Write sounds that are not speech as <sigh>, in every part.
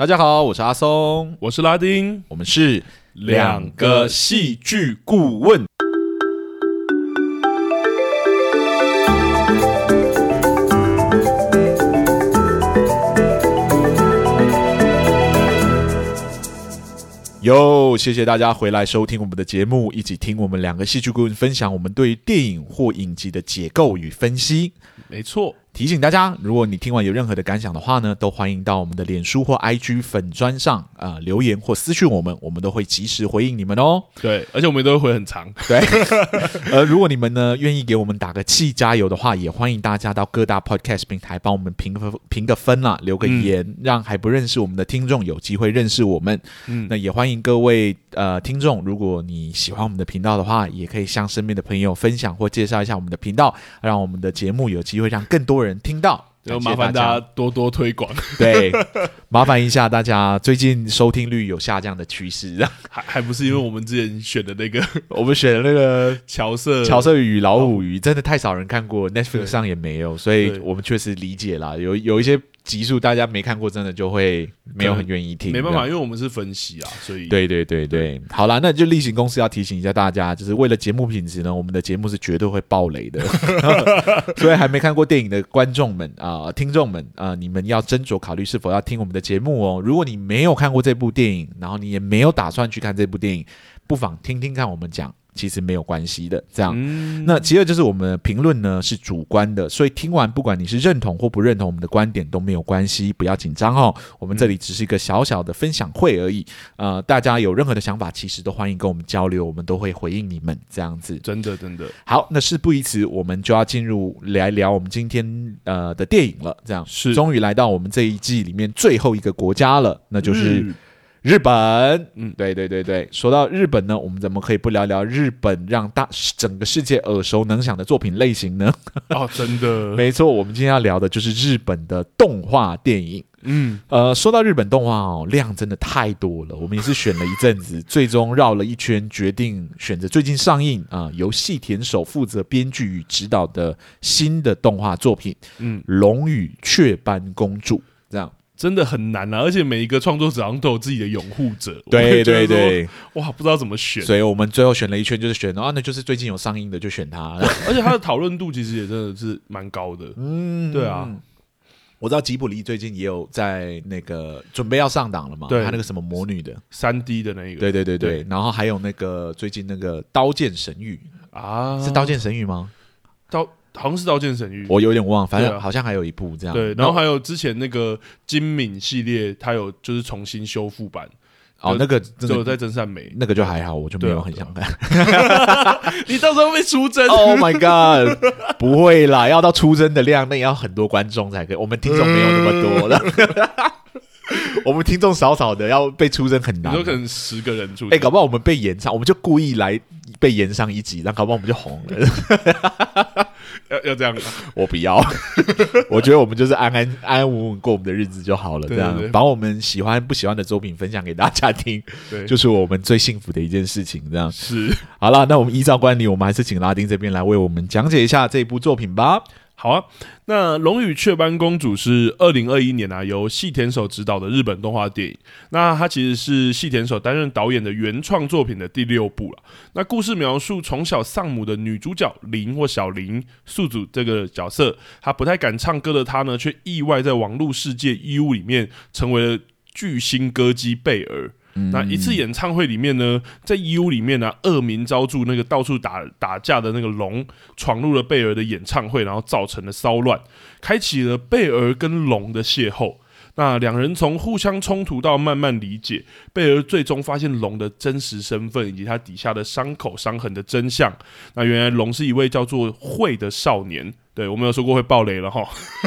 大家好，我是阿松，我是拉丁，我們是兩個戲劇顧問。喲，Yo, 謝謝大家回來收聽我們的節目，一起聽我們兩個戲劇顧問分享我們對電影或影集的解構與分析。沒錯。提醒大家，如果你聽完有任何的感想的話呢，都歡迎到我們的臉書或 IG 粉專上啊、呃、留言或私訊我們，我們都會及時回應你們哦。對，而且我們都會回很長。對，呃， <laughs> 如果你們呢願意給我們打個氣加油的話，也歡迎大家到各大 podcast 平台幫我們評個評個分啊，留個言、嗯，讓還不認識我們的聽眾有機會認識我們。嗯，那也歡迎各位呃聽眾，如果你喜歡我們的頻道的話，也可以向身邊的朋友分享或介紹一下我們的頻道，讓我們的節目有機會讓更多。人聽到，然後麻煩大家多多推廣。對， <laughs> 麻煩一下大家，最近收聽率有下降的趨勢， <laughs> 還還不是因為我們之前選的那個， <laughs> 我們選的那個喬瑟、喬瑟與老虎魚，真的太少人看過，Netflix 上也沒有，所以我們確實理解啦，有有一些。集數大家沒看過，真的就會沒有很願意聽。沒辦法，因為我們是分析啊，所以對對對對，對，好啦，那就例行公事要提醒一下大家，就是為了節目品質呢，我們的節目是絕對會爆雷的。 <laughs> <laughs> 所以還沒看過電影的觀眾們啊、呃，聽眾們啊、呃，你們要斟酌考慮是否要聽我們的節目哦。如果你沒有看過這部電影，然後你也沒有打算去看這部電影，不妨聽聽看我們講。其實沒有關係的，這樣。嗯、那其二就是我們的評論呢，是主觀的，所以聽完不管你是認同或不認同我們的觀點都沒有關係，不要緊張哦。我們這裡只是一個小小的分享會而已。嗯、呃，大家有任何的想法，其實都歡迎跟我們交流，我們都會回應你們。這樣子，真的真的。好，那事不宜遲，我們就要進入來聊，聊我們今天的呃的電影了。這樣是，終於來到我們這一季裡面最後一個國家了，那就是、嗯。日本，嗯，對對對對，說到日本呢，我們怎麼可以不聊聊日本讓大整個世界耳熟能詳的作品類型呢？ <laughs> 哦，真的，沒錯，我們今天要聊的就是日本的動畫電影，嗯，呃，說到日本動畫哦，量真的太多了，我們也是選了一陣子， <laughs> 最終繞了一圈，決定選擇最近上映啊，呃，由細田守負責編劇與指導的新的動畫作品，嗯，《龍與雀斑公主》。真的很難啊，而且每一個創作者好像都有自己的擁護者。對對對。對對對，哇，不知道怎麼選，所以我們最後選了一圈，就是選，然後，啊，那就是最近有上映的就選它，而且它的討論度其實也真的是蠻高的。 <laughs> 嗯，對啊，我知道吉卜力最近也有在那個準備要上檔了嘛，對，他那個什麼魔女的三 D 的那個，對對對對，對，然後還有那個最近那個《刀劍神域》啊，是《刀劍神域》嗎？刀。好像是《刀劍神域》，我有點忘，反正好像、啊、好像還有一部這樣。對，然後還有之前那個今敏系列，它有就是重新修復版。哦，那個只有在真善美，那個就還好，我就沒有很想看。對對對。 <laughs> <laughs> 你到時候會出征？Oh my god！ <laughs> 不會啦，要到出征的量，那也要很多觀眾才可以。我們聽眾沒有那麼多了，嗯、 <laughs> <laughs> 我們聽眾少，少少的，要被出征很難。有可能十個人出征，哎、欸，搞不好我們被延長，我們就故意來。被炎上一集，那搞不好我們就紅了。 <laughs> 要要這樣 <laughs> 我不要， <laughs> 我覺得我們就是安安 <laughs> 安安穩穩過我們的日子就好了。這樣，對對對，把我們喜歡不喜歡的作品分享給大家聽，對，就是我們最幸福的一件事情。這樣是好了，那我們依照慣例，我們還是請拉丁這邊來為我們講解一下這一部作品吧。好啊，那《龍與雀斑公主》是二零二一年啊由細田守執導的日本動畫電影。那它其實是細田守擔任導演的原創作品的第六部了，那故事描述從小喪母的女主角鈴或小鈴宿主這個角色，她不太敢唱歌的她呢，卻意外在網絡世界 U 裡面成為了巨星歌姬貝兒，那一次演唱會裡面呢，在 U 裡面呢、啊，惡名昭著那個到處打打架的那個龍，闖入了貝兒的演唱會，然後造成了騷亂，開啟了貝兒跟龍的邂逅。那兩人從互相衝突到慢慢理解，貝爾最終發現龍的真實身份以及他底下的傷口傷痕的真相。那原來龍是一位叫做慧的少年，對我沒有說過會爆雷了哈。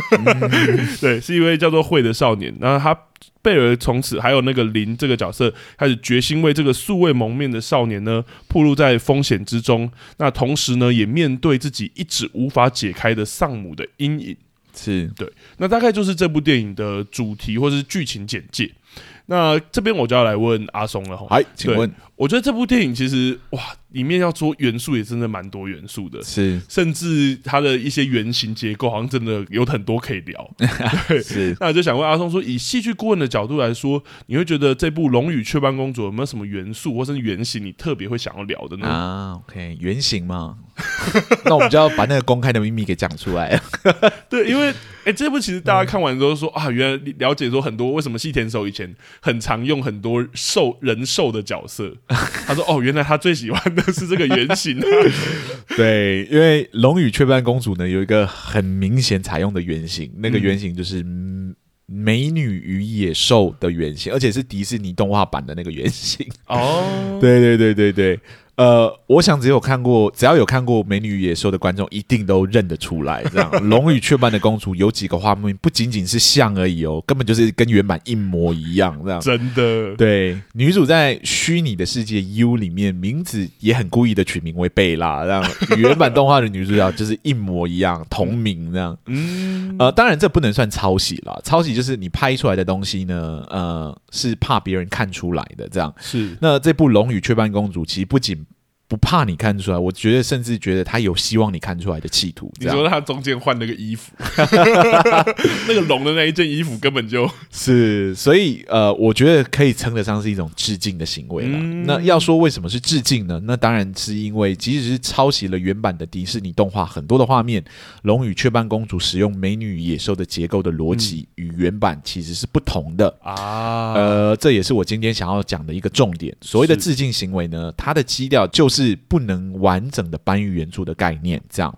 <laughs> <laughs> <laughs> 對，是一位叫做慧的少年。那他貝爾從此還有那個林這個角色開始決心為這個素未謀面的少年呢，暴露在風險之中。那同時呢，也面對自己一直無法解開的喪母的陰影。是，對，那大概就是這部電影的主題或者是劇情簡介。那這邊我就要來問阿松了，哈，哎，請問。我覺得這部電影其實哇，裡面要說元素也真的蠻多元素的，是甚至它的一些原型結構，好像真的有很多可以聊 <laughs> 對。是，那我就想問阿松說，以戲劇顧問的角度來說，你會覺得這部《龍與雀斑公主》有沒有什麼元素或是原型你特別會想要聊的呢？啊，OK，原型嘛， <laughs> 那我們就要把那個公開的秘密給講出來了。 <laughs> <laughs> 對，因為哎、欸，這部其實大家看完之後說、嗯、啊，原來了解說很多為什麼細田守以前很常用很多獸人獸的角色。 <laughs> 他說：“哦，原來他最喜歡的是這個原型啊。 <laughs> 對，因為《龍與雀斑公主》呢，有一個很明顯採用的原型，嗯，那個原型就是美女與野獸的原型，而且是迪士尼動畫版的那個原型。哦， <laughs> 對，對對對對對。”呃，我想只有看過，只要有看過《美女與野獸》的觀眾，一定都認得出來。這樣，《龍與雀斑的公主》有幾個畫面，不僅僅是像而已哦，根本就是跟原版一模一樣。這樣，真的，對，女主在虛擬的世界 U 裡面，名字也很故意的取名為貝拉。這樣，原版動畫的女主角就是一模一樣， <laughs> 同名。這樣，嗯，呃，當然這不能算抄襲啦。抄襲就是你拍出來的東西呢，呃，是怕別人看出來的。這樣，是。那這部《龍與雀斑公主》其實不僅不怕你看出來，我覺得甚至覺得他有希望你看出來的企圖。你說他中間換了個衣服， <laughs> <laughs> 那個龍的那一件衣服根本就是，所以呃，我覺得可以稱得上是一種致敬的行為了。嗯。那要說為什麼是致敬呢？那當然是因為，即使是抄襲了原版的迪士尼動畫很多的畫面，龍與雀斑公主使用美女野獸的結構的邏輯與原版其實是不同的啊。呃，這也是我今天想要講的一個重點。所謂的致敬行為呢，它的基調就是。是不能完整的搬運原著的概念，這樣，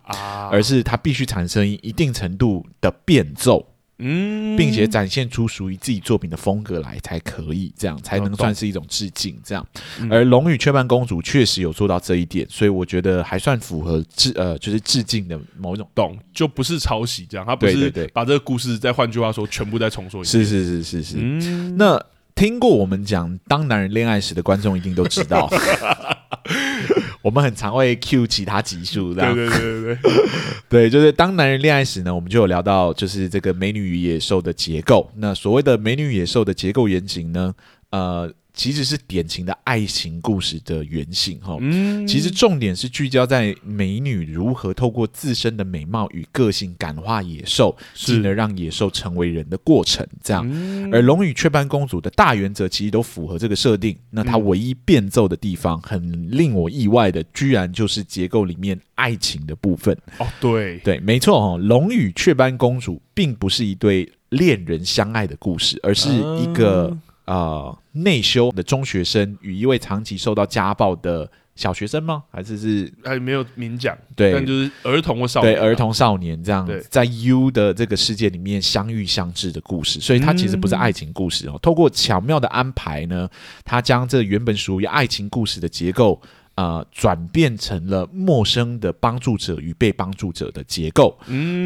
而是它必須產生一定程度的變奏，嗯，並且展現出屬於自己作品的風格來才可以，這樣才能算是一種致敬，這樣。而《龍與雀斑公主》確實有做到這一點，所以我覺得還算符合致呃，就是致敬的某一種，懂？就不是抄襲這樣，它不是把這個故事再換句話說全部再重說一遍，是是是是是。嗯，那。聽過我們講當男人戀愛時的觀眾一定都知道 <laughs> <laughs> 我們很常會 cue 其他集數的，對對對對對， <laughs> 對，就是當男人戀愛時呢，我們就有聊到就是這個美女與野獸的結構。那所謂的美女與野獸的結構原型呢，呃。其實是典型的愛情故事的原型、嗯，其實重點是聚焦在美女如何透過自身的美貌與個性感化野獸，進而讓野獸成為人的過程。這樣，嗯、而《龍與雀斑公主》的大原則其實都符合這個設定。那它唯一變奏的地方、嗯，很令我意外的，居然就是結構裡面愛情的部分。哦，對，對，沒錯，《龍與雀斑公主》並不是一對戀人相愛的故事，而是一個、嗯。呃，內修的中學生與一位長期受到家暴的小學生嗎？還是是？還沒有明講，對，但就是兒童少年、啊，對兒童少年這樣，在 U 的這個世界裡面相遇相知的故事。所以它其實不是愛情故事哦、嗯。透過巧妙的安排呢，它將這原本屬於愛情故事的結構。呃，轉變成了陌生的幫助者與被幫助者的結構，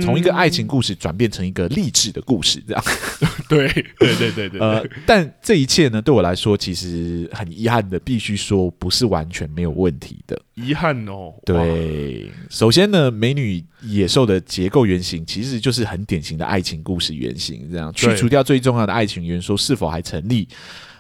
從、嗯、一個愛情故事轉變成一個勵志的故事，這樣。 <laughs> 對對對對對，對。呃，但這一切呢，對我來說其實很遺憾的，必須說不是完全沒有問題的。遺憾哦。對，首先呢，美女野獸的結構原型其實就是很典型的愛情故事原型，這樣去除掉最重要的愛情元素，是否還成立？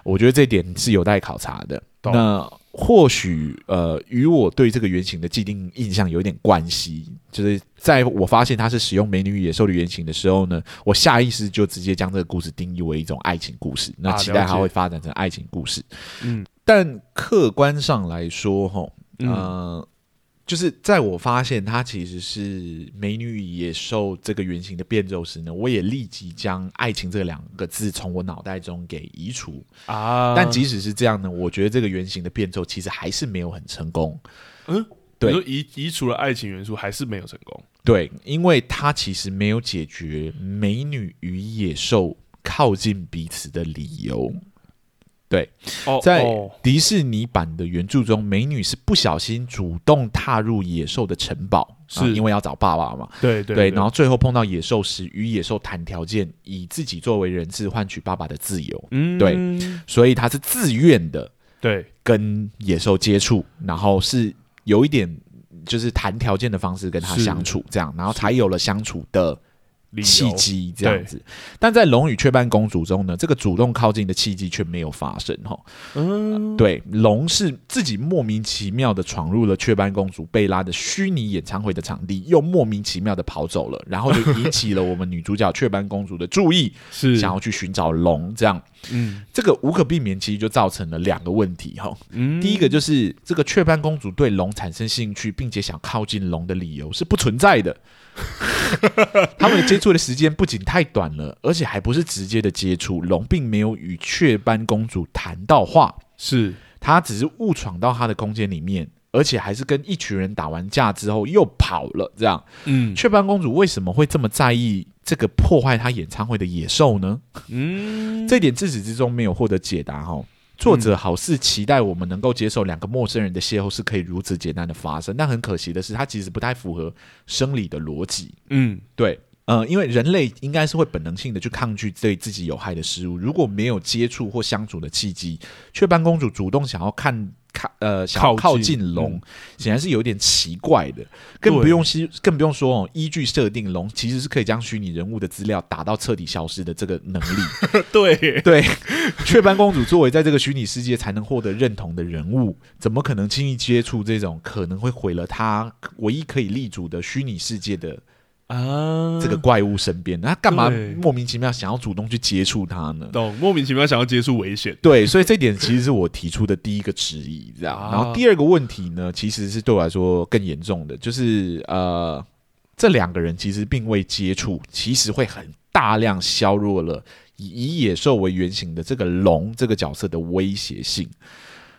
我覺得這點是有待考察的。那。或許呃，與我對這個原型的既定印象有點關係，就是在我發現它是使用美女與野獸的原型的時候呢，我下意識就直接將這個故事定義為一種愛情故事，那期待它會發展成愛情故事。嗯、啊，但客觀上來說，吼、呃，嗯。就是在我發現它其實是美女與野獸這個原型的變奏時呢，我也立即將“愛情”這兩個字從我腦袋中給移除啊。但即使是這樣呢，我覺得這個原型的變奏其實還是沒有很成功。嗯，對，移移除了愛情元素還是沒有成功。對，因為它其實沒有解決美女與野獸靠近彼此的理由。對，在迪士尼版的原著中，美女是不小心主動踏入野獸的城堡，是因為要找爸爸嘛。對對對，對，然後最後碰到野獸時，與野獸談條件，以自己作為人質換取爸爸的自由。嗯，對，所以她是自願的，對，跟野獸接觸，然後是有一點就是談條件的方式跟他相處，這樣，然後才有了相處的。契機這樣子，但在《龍與雀斑公主》中呢，這個主動靠近的契機卻沒有發生哦，嗯呃、對，龍是自己莫名其妙的闖入了雀斑公主貝拉的虛擬演唱會的場地，又莫名其妙的跑走了，然後就引起了我們女主角雀斑公主的注意， <laughs> 是想要去尋找龍這樣。嗯，這個無可避免，其實就造成了兩個問題哈、嗯。第一個就是這個雀斑公主對龍產生興趣，並且想靠近龍的理由是不存在的。 <laughs> 他們接觸的時間不僅太短了，而且還不是直接的接觸。龍並沒有與雀斑公主談到話，是她只是誤闖到她的空間裡面，而且還是跟一群人打完架之後又跑了這樣。嗯，雀斑公主為什麼會這麼在意？這個破壞他演唱會的野獸呢？嗯，這點自始至終沒有獲得解答哦，作者好似期待我們能夠接受兩個陌生人的邂逅是可以如此簡單的發生，但很可惜的是，它其實不太符合生理的邏輯。嗯，對，嗯，呃，因為人類應該是會本能性的去抗拒對自己有害的事物，如果沒有接觸或相處的契機，雀斑公主主動想要看。靠，呃，想靠近龍，嗯，顯然是有點奇怪的，嗯、更不用思，更不用說哦，依據設定，龍其實是可以將虛擬人物的資料打到徹底消失的這個能力。 <laughs> 對，對， <laughs> 雀斑公主作為在這個虛擬世界才能獲得認同的人物，怎麼可能輕易接觸這種可能會毀了她唯一可以立足的虛擬世界的？啊，這個怪物身邊，他、啊、幹嘛莫名其妙想要主動去接觸他呢？懂，莫名其妙想要接觸危險。對，所以這點其實是我提出的第一個質疑，這 <laughs> 樣。然後第二個問題呢，其實是對我來說更嚴重的，就是呃，這兩個人其實並未接觸，其實會很大量削弱了以以野獸為原型的這個龍這個角色的威脅性。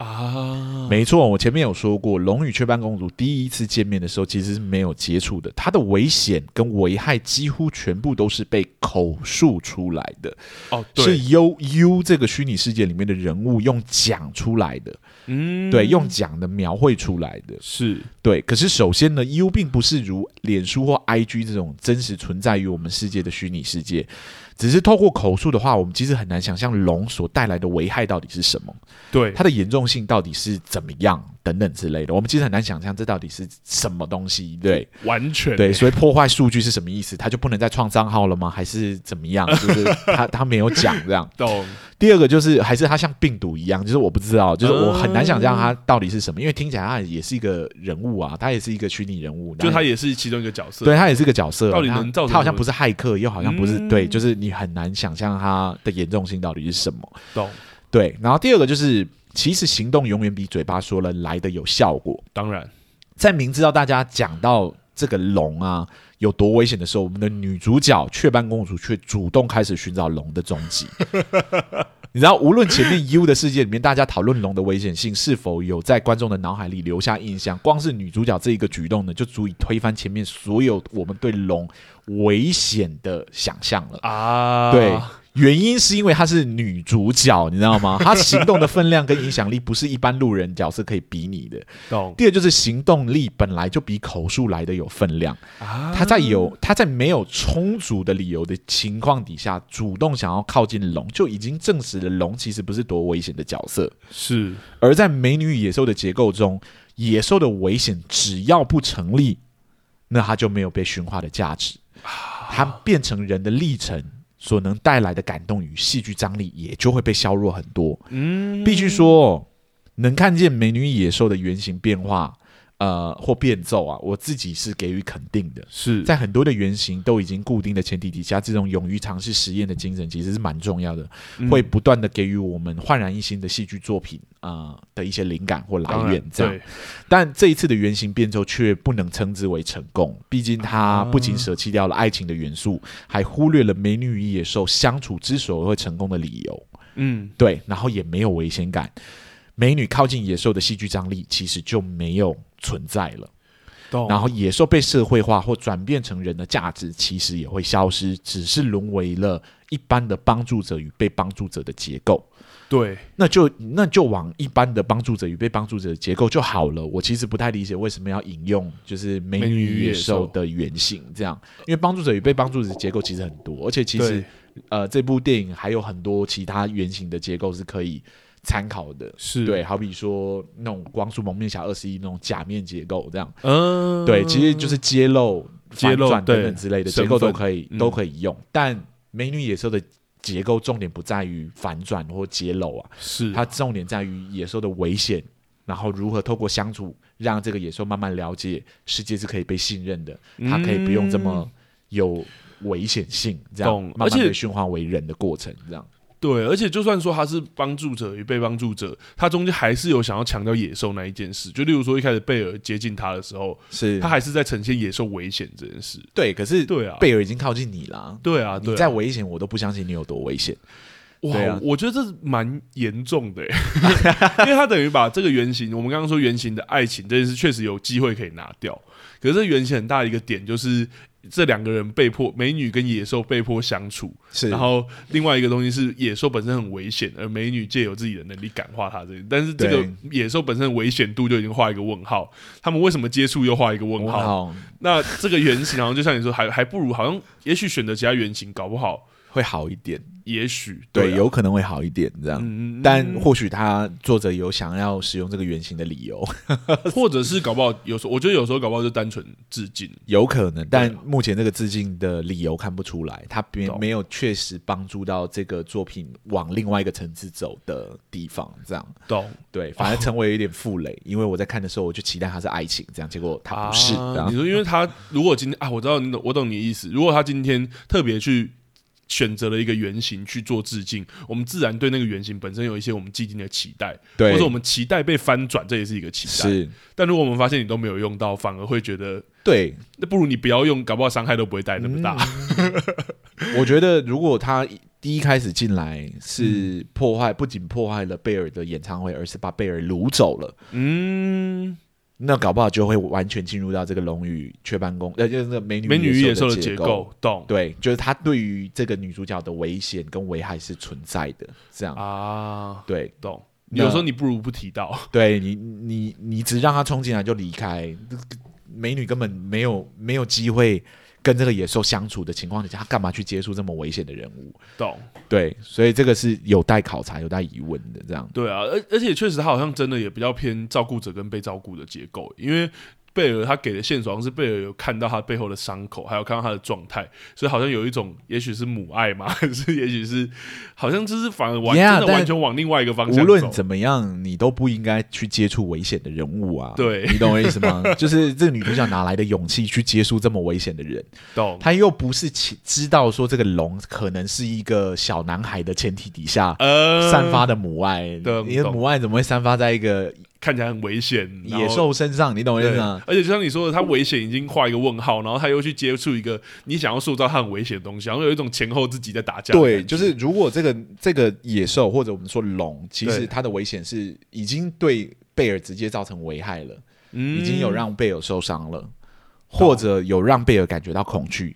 啊、oh,，沒錯，我前面有說過，龍與雀斑公主第一次見面的時候其實是沒有接觸的，它的危險跟危害幾乎全部都是被口述出來的，哦、oh,，對，是 U U 這個虛擬世界裡面的人物用講出來的，嗯、mm.，對，用講的描繪出來的，是。對，可是首先呢，U 並不是如臉書或 IG 這種真實存在於我們世界的虛擬世界。只是透過口述的話，我們其實很難想象龍所帶來的危害到底是什麼，對，它的嚴重性到底是怎麼樣等等之類的，我們其實很難想象這到底是什麼東西，對，完全、欸、對，所以破壞數據是什麼意思？他就不能再創賬號了嗎？還是怎麼樣？就是他 <laughs> 他沒有講這樣。 <laughs> 懂。第二個就是還是他像病毒一樣，就是我不知道，就是我很難想象他到底是什麼，嗯、因為聽起來他也是一個人物啊，他也是一個虛擬人物，就他也是其中一個角色，對，他也是一個角色，到底能造成什麼？他好像不是駭客，又好像不是、嗯、對，就是你。很難想象它的嚴重性到底是什麼。懂。對，然後第二個就是，其實行動永遠比嘴巴說了來得有效果。當然，在明知道大家講到這個龍啊。有多危險的時候，我們的女主角雀斑公主卻主動開始尋找龍的蹤跡。 <laughs> 你知道，無論前面 U 的世界裡面大家討論龍的危險性是否有在觀眾的腦海裡留下印象，光是女主角這一個舉動呢，就足以推翻前面所有我們對龍危險的想象了啊！對。原因是因為她是女主角，你知道嗎？她 <laughs> 行動的分量，跟影響力不是一般路人角色可以比擬的。懂。第二就是行動力本來就比口述來的有分量。她、啊、在有她在沒有充足的理由的情況底下，主動想要靠近龍，就已經證實了龍其實不是多危險的角色。是。而在《美女與野獸》的結構中，野獸的危險只要不成立，那他就沒有被馴化的價值。它、啊、他變成人的歷程，所能帶來的感動與戲劇張力，也就會被削弱很多。嗯，必須說，能看見美女與野獸的原型變化。呃，或變奏啊，我自己是給予肯定的。是。在很多的原型都已經固定的前提底下，這種勇於嘗試實驗的精神其實是蠻重要的，嗯、會不斷的給予我們煥然一新的戲劇作品啊、呃、的一些靈感或來源。這樣、嗯對，但這一次的原型變奏卻不能稱之為成功，畢竟它不僅捨棄掉了愛情的元素，嗯、還忽略了美女與野獸相處之所以會成功的理由。嗯，對，然後也沒有危險感。美女靠近野獸的戲劇張力其實就沒有存在了，然後野獸被社會化或轉變成人的價值其實也會消失，只是淪為了一般的幫助者與被幫助者的結構。對，那就那就往一般的幫助者與被幫助者的結構就好了。我其實不太理解為什麼要引用就是美女與野獸的原型這樣，因為幫助者與被幫助者的結構其實很多，而且其實呃這部電影還有很多其他原型的結構是可以。參考的是對，好比說那種《光速蒙面俠二十一》那種假面結構這樣，嗯、呃，對，其實就是揭露、揭露、反轉等等之類的結構都可以都可以用。嗯、但《美女野獸》的結構重點不在於反轉或揭露啊，是它重點在於野獸的危險，然後如何透過相處讓這個野獸慢慢了解世界是可以被信任的，嗯、它可以不用這麼有危險性這樣，慢慢的馴化為人的過程這樣。對，而且就算說他是幫助者與被幫助者，他中間還是有想要強調野獸那一件事。就例如說一開始貝兒接近他的時候，是他還是在呈現野獸危險這件事？對，可是對啊，貝兒已經靠近你啦、啊啊，對啊，你再危險，我都不相信你有多危險。哇，啊、我覺得這是蠻嚴重的耶， <laughs> 因為他等於把這個原型，我們剛剛說原型的愛情這件事，確實有機會可以拿掉。可是這原型很大的一個點就是，這兩個人被迫，美女跟野獸被迫相處，是然後另外一個東西是野獸本身很危險，而美女藉由自己的能力感化他，這裡但是這個野獸本身的危險度就已經畫一個問號，他們為什麼接觸又畫一個問號，問號？那這個原型好像就像你說， <laughs> 還還不如好像也許選擇其他原型，搞不好會好一點。也許對，對、啊，有可能會好一點這樣，嗯、但或許他作者有想要使用這個原型的理由，或者是搞不好有時候，我覺得有時候搞不好就單純致敬，有可能。但目前這個致敬的理由看不出來，他並沒有確實幫助到這個作品往另外一個層次走的地方，這樣懂？對，反而成為一點負累。啊。因為我在看的時候，我就期待他是愛情這樣，結果他不是。啊、你說，因為他如果今天啊，我知道你懂，我懂你的意思。如果他今天特別去。選擇了一個原型去做致敬，我們自然對那個原型本身有一些我們既定的期待，對，或者我們期待被翻轉，這也是一個期待。但如果我們發現你都沒有用到，反而會覺得，對，那不如你不要用，搞不好傷害都不會帶那麼大。嗯、 <laughs> 我覺得如果他第一開始進來是破壞，不僅破壞了貝爾的演唱會，而是把貝爾擄走了。嗯。那搞不好就會完全進入到這個龍與雀斑公，呃，就是那個美女美女與野獸的結構，懂？對，就是他對於這個女主角的危險跟危害是存在的。這樣啊？對，懂？有時候你不如不提到，對你，你你只讓他衝進來就離開，美女根本沒有沒有機會。跟這個野獸相處的情況底下，他幹嘛去接觸這麼危險的人物？懂？對，所以這個是有待考察，有待疑問的這樣子。對啊，而而且確實，他好像真的也比較偏照顧者跟被照顧的結構，因為。貝爾他給的線索好像是貝爾有看到他背後的傷口，還有看到他的狀態，所以好像有一種，也許是母愛嘛，還是也許是，好像這是反而完 yeah, 真的完全往另外一個方向。無論怎麼樣，你都不應該去接觸危險的人物啊！對，你懂我意思嗎？ <laughs> 就是這個女主角哪來的勇氣去接觸這麼危險的人，懂？他又不是知道說這個龍可能是一個小男孩的前提底下，呃、散發的母愛，對，你的母愛怎麼會散發在一個？看起來很危險，野獸身上，你懂我意思嗎？而且就像你說的，它危險已經畫一個問號，然後他又去接觸一個你想要塑造它很危險的東西，然後有一種前後自己在打架對。對，就是如果這個這個野獸或者我們說龍，其實它的危險是已經對貝爾直接造成危害了，已經有讓貝爾受傷了、嗯，或者有讓貝爾感覺到恐懼、嗯，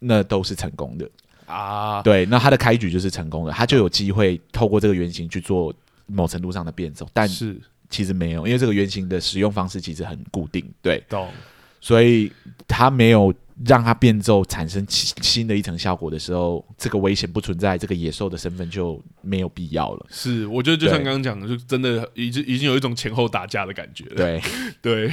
那都是成功的啊。對，那他的開局就是成功的，他就有機會透過這個原型去做某程度上的變種，但是。其實沒有，因為這個原型的使用方式其實很固定，對。懂。所以它沒有讓它變奏產生新新的一層效果的時候，這個危險不存在，這個野獸的身份就沒有必要了。是，我覺得就像剛剛講的，就真的已經已經有一種前後打架的感覺了。對 <laughs> 對，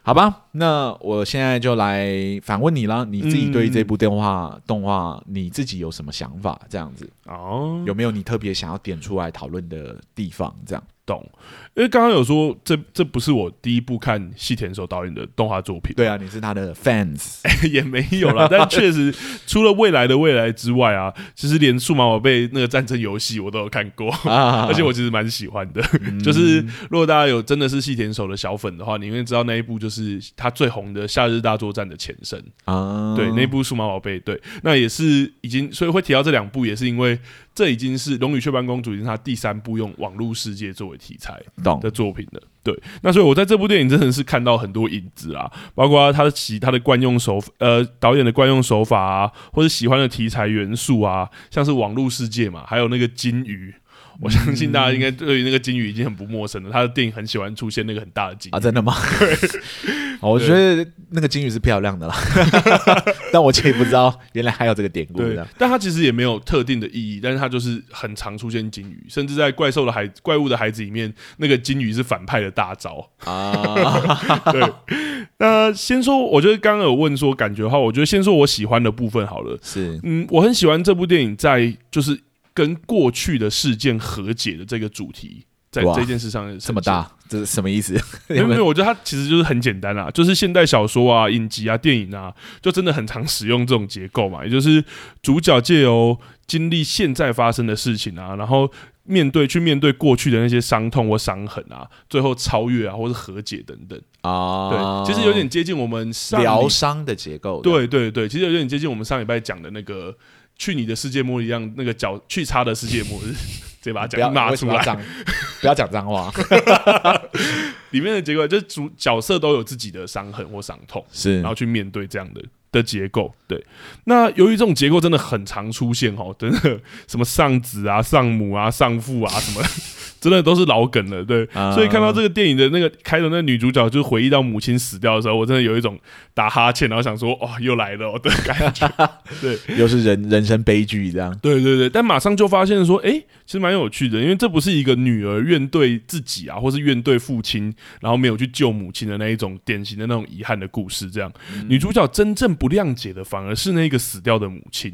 好吧，那我現在就來反問你啦，你自己對這部電話、嗯、動畫，你自己有什麼想法？這樣子哦，有沒有你特別想要點出來討論的地方？這樣。懂，因為剛剛有說，這這不是我第一部看細田守導演的動畫作品。對啊，你是他的 fans，、欸、也沒有啦， <laughs> 但確實，除了《未來的未來》之外啊，其實連《數碼寶貝》那個戰爭遊戲我都有看過、啊、而且我其實蠻喜歡的。嗯、就是如果大家有真的是細田守的小粉的話，你應該知道那一部就是他最紅的《夏日大作戰》的前身啊。對，那一部《數碼寶貝》，對，那也是已經，所以會提到這兩部，也是因為。這已經是《龍與雀斑公主》已經是他第三部用網絡世界作為題材的作品了。對，那所以我在這部電影真的是看到很多影子啊，包括、啊、他的其他的慣用手呃導演的慣用手法啊，或者喜歡的題材元素啊，像是網絡世界嘛，還有那個金魚。我相信大家應該對於那個金魚已經很不陌生了。他的電影很喜歡出現那個很大的金魚啊，真的嗎？哦、oh，我覺得那個金魚是漂亮的啦， <laughs> <laughs> 但我卻也不知道原來還有這個典故。對，但它其實也沒有特定的意義，但是它就是很常出現金魚，甚至在《怪獸的孩子怪物的孩子》裡面，那個金魚是反派的大招啊。Uh... <laughs> 對，那先說，我覺得剛剛有問說感覺的話，我覺得先說我喜歡的部分好了。是，嗯，我很喜歡這部電影在就是跟過去的事件和解的這個主題。在這件事上，這麼大，這是什麼意思？沒有，沒有，我覺得它其實就是很簡單啊，就是現代小說啊、影集啊、電影啊，就真的很常使用這種結構嘛，也就是主角借由經歷現在發生的事情啊，然後面對去面對過去的那些傷痛或傷痕啊，最後超越啊，或是和解等等啊，oh, 對，其實有點接近我們療傷的結構，對對對，對，其實有點接近我們上禮拜講的那個去你的世界末日一樣，那個叫去他的世界末日。 <laughs> 這把講拿出來 <laughs> 不要講髒話。 <laughs> 裡面的結構就是主角色都有自己的傷痕或傷痛，是然後去面對這樣的的結構。對，那由於這種結構真的很常出現，真的什麼喪子啊、喪母啊、喪父啊什麼。 <laughs> 真的都是老梗了，對，所以看到這個電影的那個開頭，那女主角就是回憶到母親死掉的時候，我真的有一種打哈欠，然後想說哦，又來了哦，的感覺，對，又是人人生悲劇這樣。對對對，對，但馬上就發現說，哎，其實蠻有趣的，因為這不是一個女兒怨懟自己啊，或是怨懟父親，然後沒有去救母親的那一種典型的那種遺憾的故事這樣。女主角真正不諒解的，反而是那個死掉的母親。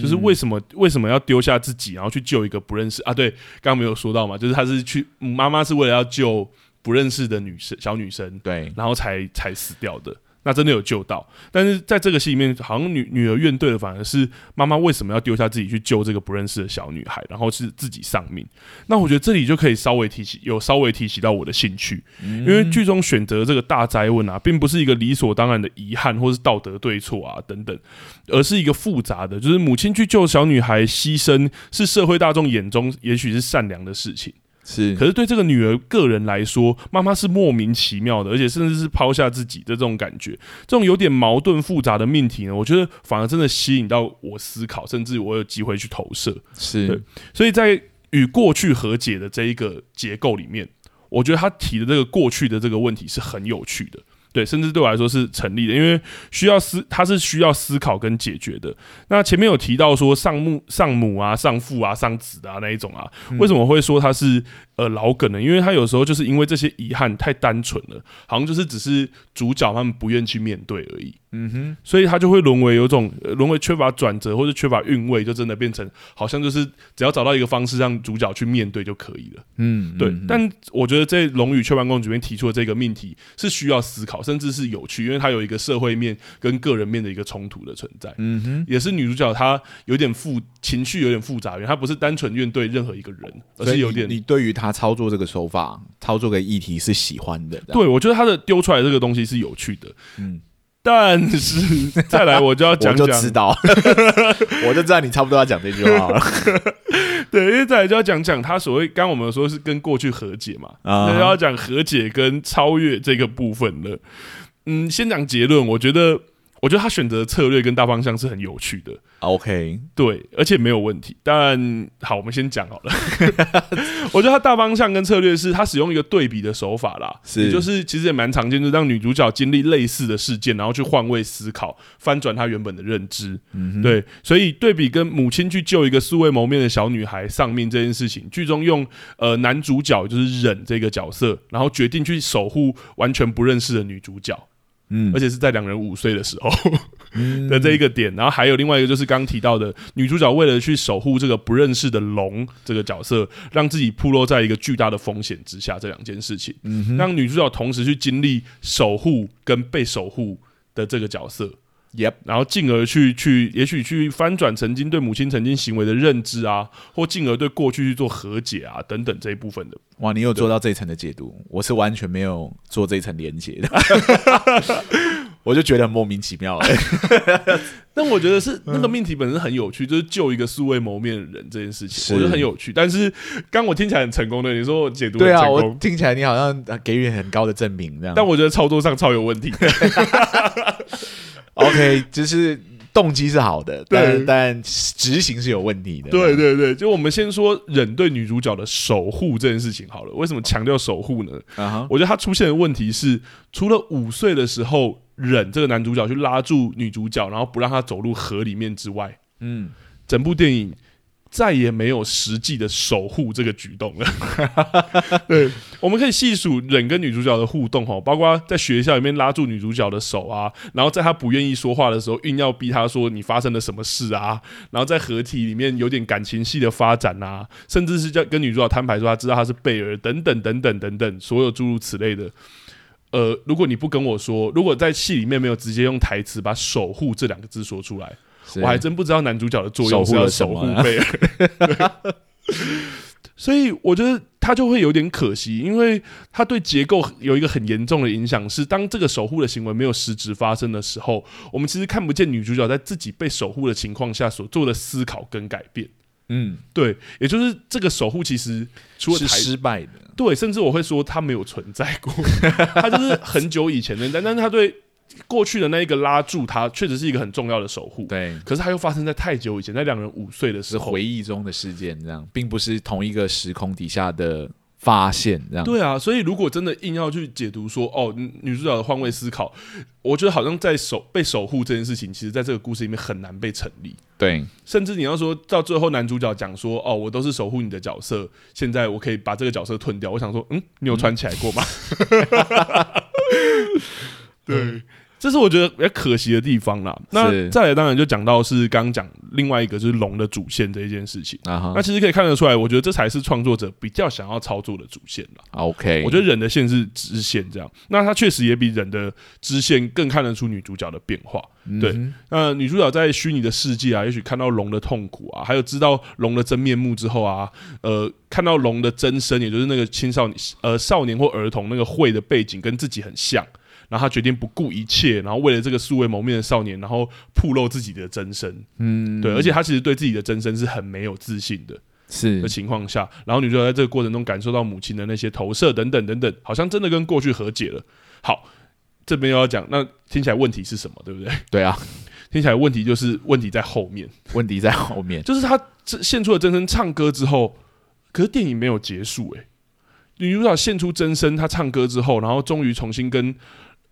就是為什麼、嗯、為什麼要丟下自己，然後去救一個不認識啊？對，剛剛沒有說到嘛，就是他是去媽媽、嗯、是為了要救不認識的女生小女生，對，然後才才死掉的。那真的有救到，但是在這個戲裡面，好像女女兒怨懟的反而是媽媽，為什麼要丟下自己去救這個不認識的小女孩，然後是自己喪命？那我覺得這裡就可以稍微提起，有稍微提起到我的興趣，因為劇中選擇這個大哉問啊，並不是一個理所當然的遺憾，或是道德對錯啊等等，而是一個複雜的，就是母親去救小女孩犧牲，是社會大眾眼中也許是善良的事情。是，可是對這個女兒個人來說，媽媽是莫名其妙的，而且甚至是拋下自己的這種感覺，這種有點矛盾複雜的命題呢，我覺得反而真的吸引到我思考，甚至我有機會去投射。是，所以在與過去和解的這一個結構裡面，我覺得他提的這個過去的這個問題是很有趣的。對，甚至對我來說是成立的，因為需要思，他是需要思考跟解決的。那前面有提到說喪母、喪母啊、喪父啊、喪子啊那一種啊，為什麼會說他是？呃，老梗了，因為他有時候就是因為這些遺憾太單純了，好像就是只是主角他們不願去面對而已。嗯哼，所以他就會淪為有種淪為缺乏轉折或者缺乏韻味，就真的變成好像就是只要找到一個方式讓主角去面對就可以了。嗯，對。嗯、但我覺得在龍與雀斑公主裡面提出的這個命題是需要思考，甚至是有趣，因為它有一個社會面跟個人面的一個衝突的存在。嗯哼，也是女主角她有點負情緒有點複雜原因，因為她不是單純怨懟任何一個人，而是有點你對於她。他操作這個手法，操作個議題是喜歡的，對我覺得他的丟出來這個東西是有趣的，嗯，但是再來我就要講講， <laughs> 我就知道， <laughs> 我就知道你差不多要講這句話了， <laughs> 對，因為再來就要講講他所謂剛剛我們說是跟過去和解嘛，uh-huh. 那就要講和解跟超越這個部分了，嗯，先講結論，我覺得。我覺得他選擇的策略跟大方向是很有趣的。OK，對，而且沒有問題。但好，我們先講好了。 <laughs> 我覺得他大方向跟策略是他使用一個對比的手法啦，是，也就是其實也蠻常見，就是讓女主角經歷類似的事件，然後去換位思考，翻轉她原本的認知，嗯哼。對，所以對比跟母親去救一個素未謀面的小女孩喪命這件事情，劇中用呃男主角就是忍這個角色，然後決定去守護完全不認識的女主角。嗯，而且是在兩人五歲的時候、嗯、 <laughs> 的這一個點，然後還有另外一個就是剛剛提到的女主角為了去守護這個不認識的龍這個角色，讓自己曝露在一個巨大的風險之下，這兩件事情，讓女主角同時去經歷守護跟被守護的這個角色。Yep，然後進而去去，也許去翻轉曾經對母親曾經行為的認知啊，或進而對過去去做和解啊等等這一部分的。哇，你有做到這一層的解讀，我是完全沒有做這一層連結的， <laughs> <laughs> 我就覺得很莫名其妙了。 <laughs> <laughs> 但我覺得是那個命題本身很有趣，就是救一個素未謀面的人這件事情，我覺得很有趣。但是剛我聽起來很成功的，你說我解讀對啊，我聽起來你好像給予很高的證明這樣，但我覺得操作上超有問題。 <laughs> <laughs> OK，就是動機是好的，但但執行是有問題的。對對對，就我們先說忍對女主角的守護這件事情好了。為什麼強調守護呢？Uh-huh. 我覺得他出現的問題是，除了五歲的時候忍這個男主角去拉住女主角，然後不讓她走入河裡面之外，嗯，Uh-huh. 整部電影。再也沒有實際的守護這個舉動了。 <laughs> 對，我們可以細數忍跟女主角的互動哈，包括在學校裡面拉住女主角的手啊，然後在她不願意說話的時候硬要逼她說你發生了什麼事啊，然後在合體裡面有點感情戲的發展啊，甚至是叫跟女主角攤牌說她知道她是貝兒等等等等等等，所有諸如此類的。呃，如果你不跟我說，如果在戲裡面沒有直接用台詞把“守護”這兩個字說出來，啊、我還真不知道男主角的作用什麼啊是要、啊啊、守護貝兒，所以我覺得他就會有點可惜，因為他對結構有一個很嚴重的影響。是當這個守護的行為沒有實質發生的時候，我們其實看不見女主角在自己被守護的情況下所做的思考跟改變。嗯，對，也就是這個守護其實除了是失敗的，對，甚至我會說他沒有存在過， <laughs> 他就是很久以前的，但但是他對。過去的那一個拉住他，確實是一個很重要的守護。對，可是他又發生在太久以前，在兩人五歲的時候，是回憶中的事件這樣，並不是同一個時空底下的發現這樣。對啊，所以如果真的硬要去解讀說，哦，女主角的換位思考，我覺得好像在守被守護這件事情，其實在這個故事裡面很難被成立。對，甚至你要說到最後，男主角講說，哦，我都是守護你的角色，現在我可以把這個角色吞掉。我想說，嗯，你有穿起來過嗎？ <laughs> <laughs> 對。嗯這是我覺得比較可惜的地方啦。那再來，當然就講到是剛剛講另外一個就是龍的主線這一件事情。Uh -huh. 那其實可以看得出來，我覺得這才是創作者比較想要操作的主線啦。OK，我覺得忍的線是支線這樣。那它確實也比忍的支線更看得出女主角的變化。Mm -hmm. 對，那女主角在虛擬的世界啊，也許看到龍的痛苦啊，還有知道龍的真面目之後啊，呃，看到龍的真身，也就是那個青少年、呃少年或兒童那個會的背景，跟自己很像。然後他決定不顧一切，然後為了這個素未謀面的少年，然後暴露自己的真身。嗯，對，而且他其實對自己的真身是很沒有自信的。是的情況下，然後女主角在這個過程中感受到母親的那些投射等等等等，好像真的跟過去和解了。好，這邊又要講，那聽起來問題是什麼？對不對？對啊，聽起來問題就是問題在後面，問題在後面， <laughs> 就是他獻出了真身唱歌之後，可是電影沒有結束誒、欸，女主角獻出真身，她唱歌之後，然後終於重新跟。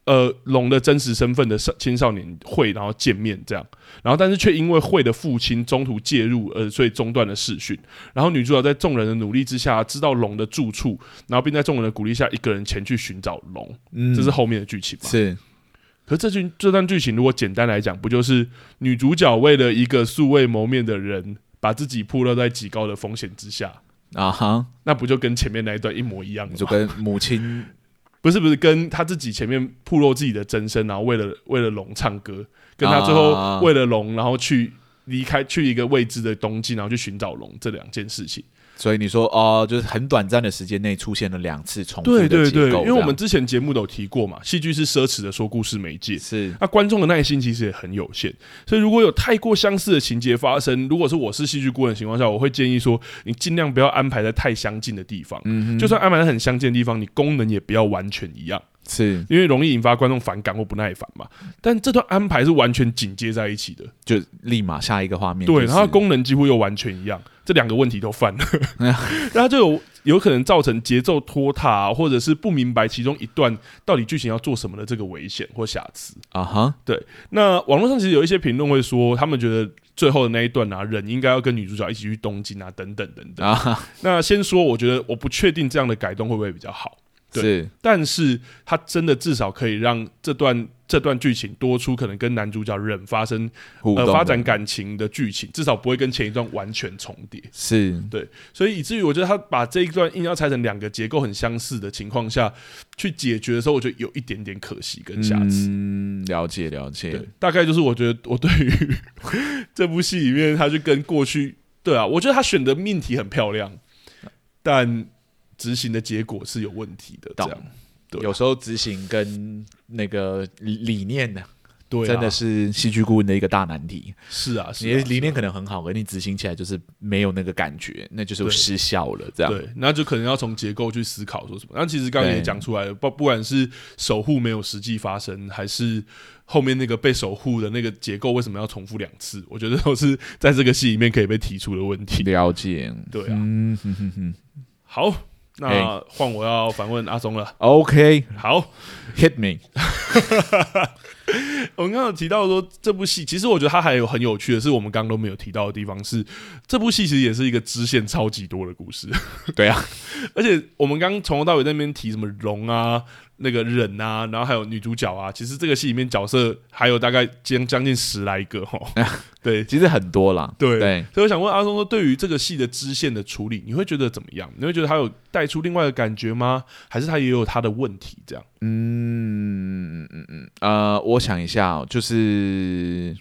呃，龍的真實身份的少青少年慧，然後見面這樣，然後但是卻因為慧的父親中途介入，而所以中斷了視訊。然後女主角在眾人的努力之下，知道龍的住處，然後並在眾人的鼓勵下，一個人前去尋找龍。嗯，這是後面的劇情。是。可，這句這段劇情如果簡單來講，不就是女主角為了一個素未謀面的人，把自己曝露在極高的風險之下啊？哈，那不就跟前面那一段一模一樣的嗎？就跟母親。 <laughs> 不是不是，跟他自己前面曝露自己的真身，然後為了為了龍唱歌，跟他最後為了龍，啊、然後去離開去一個未知的東京，然後去尋找龍這兩件事情。所以你說哦、呃，就是很短暫的時間內出現了兩次重複的結構。對對對，因為我們之前節目都有提過嘛，戲劇是奢侈的說故事媒介。是，那、啊、觀眾的耐心其實也很有限。所以如果有太過相似的情節發生，如果是我是戲劇顧問的情況下，我會建議說，你盡量不要安排在太相近的地方。嗯哼，就算安排在很相近的地方，你功能也不要完全一樣。是，因為容易引發觀眾反感或不耐煩嘛。但這段安排是完全緊接在一起的，就立馬下一個畫面、就是，對，它的功能幾乎又完全一樣。這兩個問題都犯了。 <laughs> <laughs> 那有，那就有可能造成節奏拖沓，啊，或者是不明白其中一段到底劇情要做什麼的這個危險或瑕疵啊哈。Uh -huh. 對，那網絡上其實有一些評論會說，他們覺得最後的那一段啊，忍應該要跟女主角一起去東京啊，等等等等啊。Uh -huh. 那先說，我覺得我不確定這樣的改動會不會比較好。對是，但是他真的至少可以讓這段這段劇情多出可能跟男主角忍發生呃發展感情的劇情，至少不會跟前一段完全重疊。是對，所以以至於我覺得他把這一段硬要拆成兩個結構很相似的情況下去解決的時候，我覺得有一點點可惜跟瑕疵。嗯、了解了解，大概就是我覺得我對於 <laughs> 這部戲裡面，他就跟過去。對啊，我覺得他選的命題很漂亮，但。執行的結果是有問題的，這樣。對啊，有時候執行跟那個理念呢、啊，對、啊，真的是戲劇顧問的一個大難題。是啊，是啊，你的理念可能很好，但你執行起來就是沒有那個感覺，那就是失效了，這樣。對，那就可能要從結構去思考說什麼。那其實剛才也講出來了，不不管是守護沒有實際發生，還是後面那個被守護的那個結構為什麼要重複兩次，我覺得都是在這個戲裡面可以被提出的問題。了解，對啊，嗯，呵呵呵，好。那換我要反問阿松了，OK，好，Hit me。我們剛剛有提到說，這部戲，其實我覺得它還有很有趣的，是我們剛剛都沒有提到的地方，是這部戲其實也是一個支線超級多的故事。對啊，而且我們剛從頭到尾在那邊提什麼龍啊。那個人吶、啊，然後還有女主角啊，其實這個戲裡面角色還有大概將將近十來個、哦啊、對，其實很多啦對。對。所以我想問阿松說，對於這個戲的支線的處理，你會覺得怎麼樣？你會覺得他有帶出另外的感覺嗎？還是它也有它的問題，這樣？嗯嗯嗯嗯，呃，我想一下、哦，就是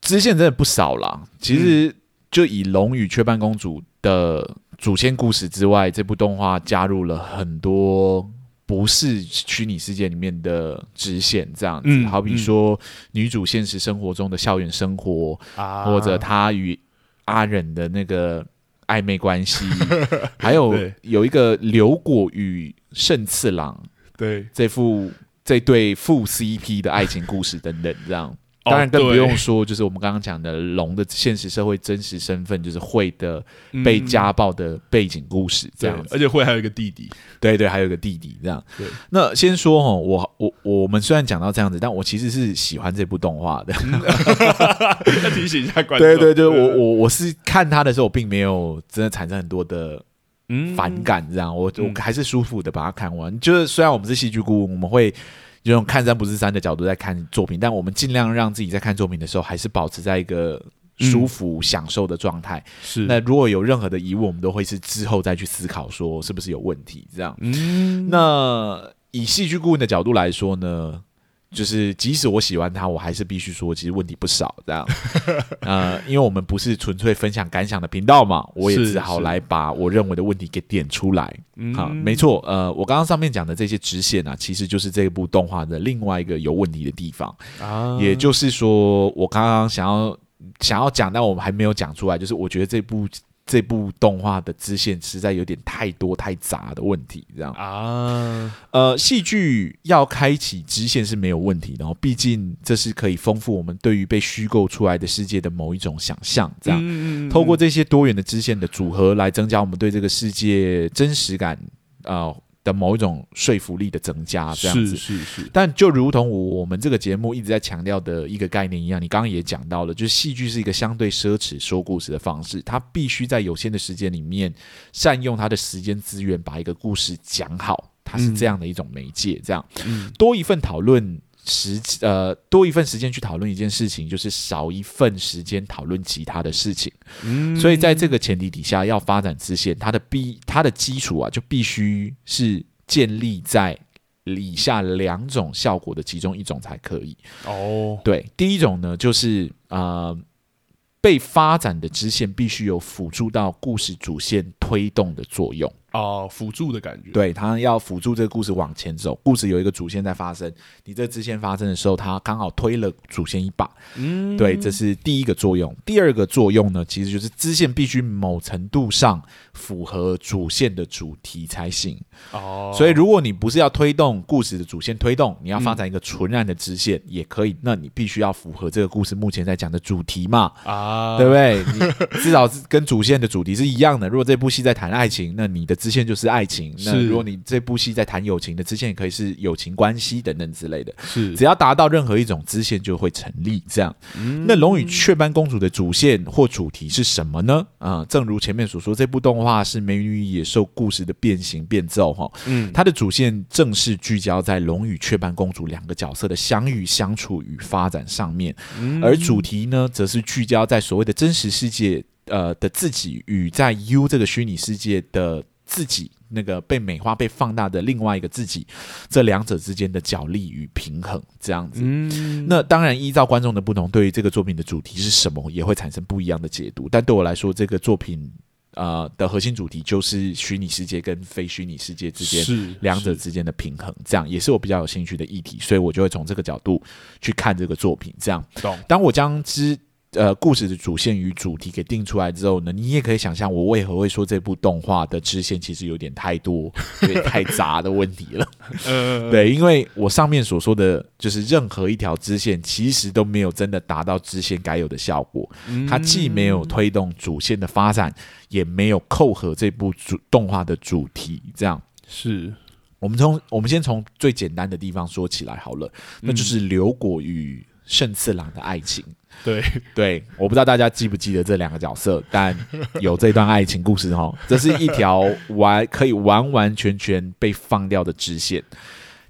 支線真的不少啦。其實就以龍與雀斑公主的主線故事之外，這部動畫加入了很多。不是虛擬世界裡面的支線這樣子，嗯，好比說女主現實生活中的校園生活、嗯，或者她與阿忍的那個曖昧關係，啊、 <laughs> 還有有一個劉果與慎次郎，對，這副這對副 CP 的愛情故事等等這樣。 <laughs> 當然更不用說，就是我們剛剛講的龍的現實社會真實身份，就是會的被家暴的背景故事這樣子，而且會還有一個弟弟，對對，還有一個弟弟這樣。對，那先說哈，我我我，我們雖然講到這樣子，但我其實是喜歡這部動畫的。 <laughs> <laughs> 提醒一下觀眾，對對對，就我我我是看他的時候，並沒有真的產生很多的反感，這樣、嗯、我我還是舒服的把它看完。就是雖然我們是戲劇顧問，我們會。就用看山不是山的角度在看作品，但我們盡量讓自己在看作品的時候還是保持在一個舒服、享受的狀態。嗯。是，那如果有任何的疑問，我們都會是之後再去思考，說是不是有問題這樣。嗯，那以戲劇顧問的角度來說呢？就是，即使我喜歡他，我還是必須說，其實問題不少。這樣， <laughs> 呃，因為我們不是純粹分享感想的頻道嘛，我也只好來把我認為的問題給點出來。好、啊嗯，沒錯，呃，我剛剛上面講的這些直線呢、啊，其實就是這部動畫的另外一個有問題的地方啊。也就是說，我剛剛想要想要講，但我們還沒有講出來，就是我覺得這部。這部動畫的支線實在有點太多太雜的問題，這樣啊，呃，戲劇要開啟支線是沒有問題，然後畢竟這是可以豐富我們對於被虛構出來的世界的某一種想象，這樣，嗯，透過這些多元的支線的組合來增加我們對這個世界真實感啊。呃的某一種說服力的增加，這樣子是是是，但就如同我們這個節目一直在強調的一個概念一樣，你剛剛也講到了，就是戲劇是一個相對奢侈說故事的方式，它必須在有限的時間裡面善用它的時間資源，把一個故事講好，它是這樣的一種媒介，這樣，多一份討論。時呃，多一份時間去討論一件事情，就是少一份時間討論其他的事情。嗯，所以在這個前提底下，要發展支線，它的必它的基礎啊，就必須是建立在以下兩種效果的其中一種才可以。哦，對，第一種呢，就是呃，被發展的支線必須有輔助到故事主線推動的作用。哦，輔助的感覺。對，他要輔助這個故事往前走，故事有一個主線在發生，你這支線發生的時候，他剛好推了主線一把。嗯，對，這是第一個作用。第二個作用呢，其實就是支線必須某程度上符合主線的主題才行。哦，所以如果你不是要推動故事的主線推動，你要發展一個純然的支線、嗯、也可以，那你必須要符合這個故事目前在講的主題嘛？啊，對不對？你至少是跟主線的主題是一樣的。 <laughs> 如果這部戲在談愛情，那你的。支線就是愛情，那如果你這部戲在談友情的支線，也可以是友情關係等等之類的。是，只要達到任何一種支線就會成立。這樣，嗯、那龍與雀斑公主的主線或主題是什麼呢？啊、呃，正如前面所說，這部動畫是美女與野獸故事的變形變奏哈。嗯，它的主線正是聚焦在龍與雀斑公主兩個角色的相遇、相處與發展上面，而主題呢，則是聚焦在所謂的真實世界呃的自己與在 U 這個虛擬世界的。自己那個被美化、被放大的另外一個自己，這兩者之間的角力與平衡，這樣子。嗯。那當然，依照觀眾的不同，對於這個作品的主題是什麼，也會產生不一樣的解讀。但對我來說，這個作品啊、呃、的核心主題就是虛擬世界跟非虛擬世界之間是兩者之間的平衡，這樣也是我比較有興趣的議題，所以我就會從這個角度去看這個作品。這樣。當我將之。呃，故事的主線與主題給定出來之後呢，你也可以想象我為何會說這部動畫的支線其實有點太多， <laughs> 對，太雜的問題了、呃。對，因為我上面所說的就是任何一條支線其實都沒有真的達到支線該有的效果，嗯、它既沒有推動主線的發展，也沒有扣合這部主動畫的主題。這樣，是我們從，我們先從最簡單的地方說起來好了，嗯、那就是瑠果與慎次郎的愛情。對對，我不知道大家記不記得這兩個角色，但有這段愛情故事哈、哦，這是一條完，可以完完全全被放掉的支線。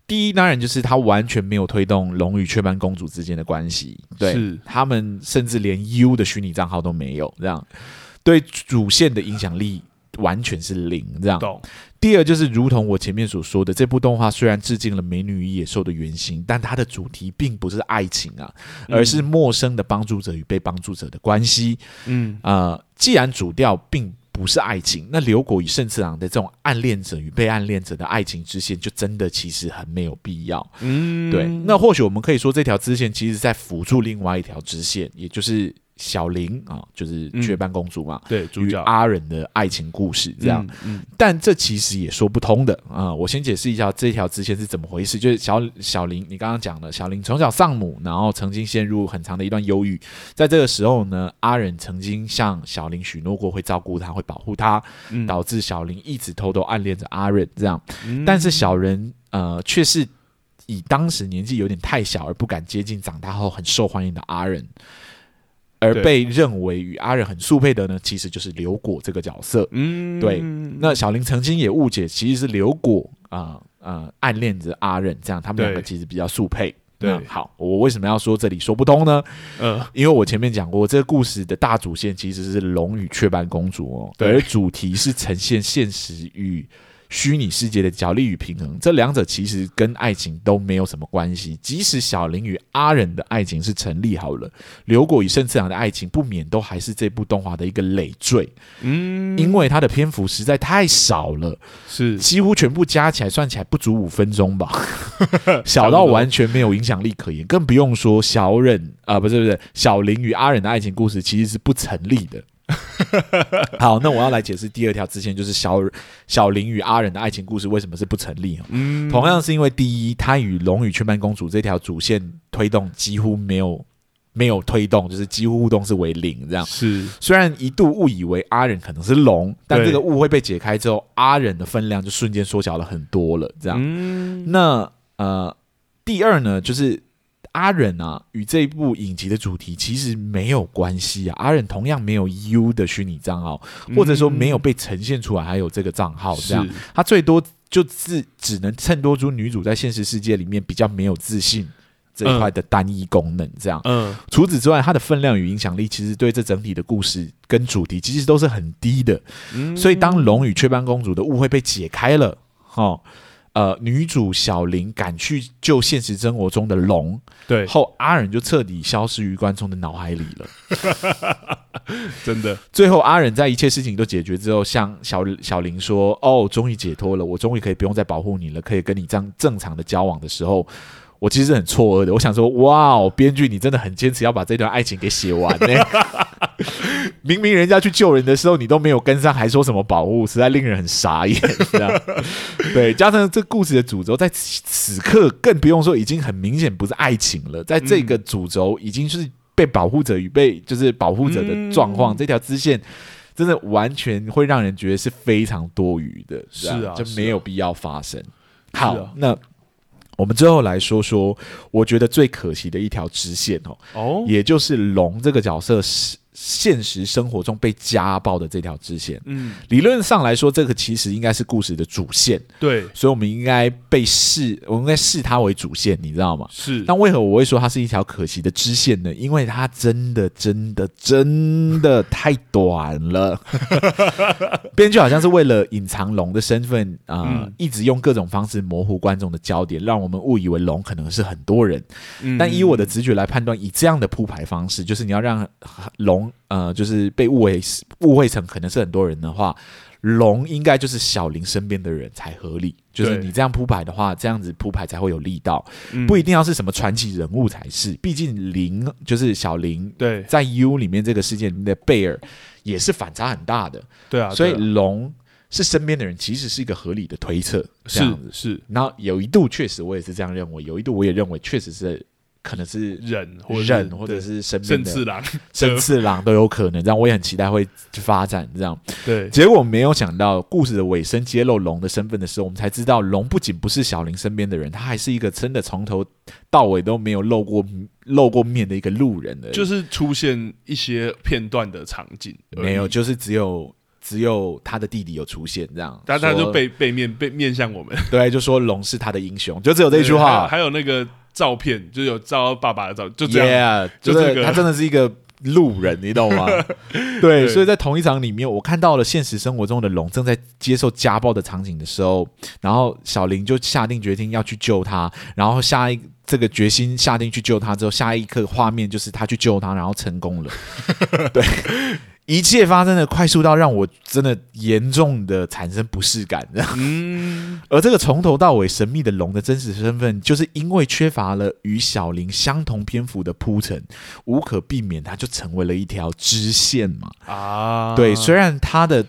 第一，當然就是他完全沒有推動龍與雀斑公主之間的關係，對是他們甚至連 U 的虛擬賬號都沒有，這樣對主線的影響力，完全是零這樣。第二就是，如同我前面所說的，這部動畫雖然致敬了《美女與野獸》的原型，但它的主題並不是愛情啊，而是陌生的幫助者與被幫助者的關係。嗯啊、呃，既然主調並不是愛情，那瑠果與慎次郎的這種暗戀者與被暗戀者的愛情支線，就真的其實很沒有必要。嗯，對。那或許我們可以說，這條支線其實，在輔助另外一條支線，也就是。小林啊，就是雀斑公主嘛，嗯、對，與阿忍的愛情故事這樣、嗯嗯，但這其實也說不通的啊、呃。我先解釋一下這條支線是怎麼回事，就是小小林，你剛剛講的，小林從小喪母，然後曾經陷入很長的一段憂鬱，在這個時候呢，阿忍曾經向小林許諾過會照顧他，會保護他、嗯，導致小林一直偷偷暗戀着阿忍這樣，但是小人呃，卻是以當時年紀有點太小而不敢接近，長大後很受歡迎的阿忍。而被認為與阿忍很速配的呢，其實就是劉果這個角色。嗯，對。那小林曾經也誤解，其實是劉果啊、呃呃，暗戀着阿忍。這樣，他們兩個其實比較速配。對，那好，我為什麼要說這裡說不通呢？因為我前面講過，這個故事的大主線其實是龍與雀斑公主哦，而主題是呈現現實與。虛擬世界的角力與平衡，這兩者其實跟愛情都沒有什麼關係。即使小林與阿忍的愛情是成立好了，劉果與盛次郎的愛情不免都還是這部動畫的一個累贅。嗯，因為它的篇幅實在太少了，是幾乎全部加起來算起來不足五分鐘吧， <laughs> 小到完全沒有影響力可言，更不用說小忍啊、呃，不是不是，小林與阿忍的愛情故事其實是不成立的。 <laughs> 好，那我要來解釋第二條。之前就是小小鈴與阿忍的愛情故事為什麼是不成立、啊？嗯，同樣是因為第一，他與龍與雀斑公主這條主線推動幾乎沒有沒有推動，就是幾乎互動是為零這樣。是，雖然一度誤以為阿忍可能是龍，但這個誤會被解開之後，阿忍的分量就瞬間縮小了很多了。這樣，嗯、那呃，第二呢，就是。阿忍啊，與這一部影集的主題其實沒有關係啊。阿忍同樣沒有 U 的虛擬賬號、嗯，或者說沒有被呈現出來，還有這個賬號這樣，他最多就是只能襯托出女主在現實世界裡面比較沒有自信這一塊的單一功能這樣。嗯嗯、除此之外，它的分量與影響力其實對這整體的故事跟主題其實都是很低的。嗯、所以當龍與雀斑公主的誤會被解開了，齁。呃，女主小鈴趕去救現實生活中的龍，對。後阿忍就徹底消失於觀眾的腦海裡了。 <laughs> 真的，最後阿忍在一切事情都解決之後，向小小鈴說：“哦，終於解脫了，我終於可以不用再保護你了，可以跟你這樣正常的交往的時候，我其實是很錯愕的。我想說，哇哦，編劇你真的很堅持要把這段愛情給寫完呢。 <laughs> ” <laughs> 明明人家去救人的時候，你都沒有跟上，還說什麼保護。實在令人很傻眼。 <laughs> 對，加上這故事的主軸，在此刻更不用說，已經很明顯不是愛情了。在這個主軸已經就是被保護者與、嗯、被就是保護者的狀況、嗯，這條支線真的完全會讓人覺得是非常多餘的是、啊，是啊，就沒有必要發生。啊、好，啊、那我們最後來說說，我覺得最可惜的一條支線哦，哦，也就是龍這個角色是。現實生活中被家暴的這條支線，嗯，理論上來說，這個其實應該是故事的主線，對，所以我們應該被視，我們應該視它為主線，你知道嗎？是。但為何我會說它是一條可惜的支線呢？因為它真的、真的、真的太短了。編 <laughs> 劇 <laughs> 好像是為了隱藏龍的身份啊、呃嗯，一直用各種方式模糊觀眾的焦點，讓我們誤以為龍可能是很多人、嗯。但以我的直覺來判斷，以這樣的鋪排方式，就是你要讓龍。呃，就是被誤會誤會成可能是很多人的話，龍應該就是小林身邊的人才合理。就是你這樣鋪排的話，這樣子鋪排才會有力道。嗯，不一定要是什麼傳奇人物才是。畢竟林就是小林，對，在 U 裡面這個世界裡面的貝爾也是反差很大的，對啊，對啊。所以龍是身邊的人，其實是一個合理的推測。這樣子是，那有一度確實我也是這樣認為，有一度我也認為確實是。可能是忍，忍，或者是生生次郎，生次郎都有可能這樣。我也很期待會去發展這樣。對，結果沒有想到，故事的尾聲揭露龍的身份的時候，我們才知道龍不僅不是小林身邊的人，他還是一個真的從頭到尾都沒有露過露過面的一個路人。就是出現一些片段的場景，沒有，就是只有只有他的弟弟有出現這樣，但他就被背面被面向我們，對，就說龍是他的英雄，就只有這一句話。還有那個。照片就有照到爸爸的照片，就這樣，yeah, 就是他真的是一個路人， <laughs> 你懂嗎？對，對所以在同一場裡面，我看到了現實生活中的龍正在接受家暴的場景的時候，然後小林就下定決心要去救他，然後下一這個決心下定去救他之後，下一刻畫面就是他去救他，然後成功了， <laughs> 對。一切發生的快速到讓我真的嚴重的產生不適感。嗯， <laughs> 而這個從頭到尾神秘的龍的真實身份，就是因為缺乏了與小林相同篇幅的鋪陳，無可避免，它就成為了一條支線嘛。啊，對，雖然它的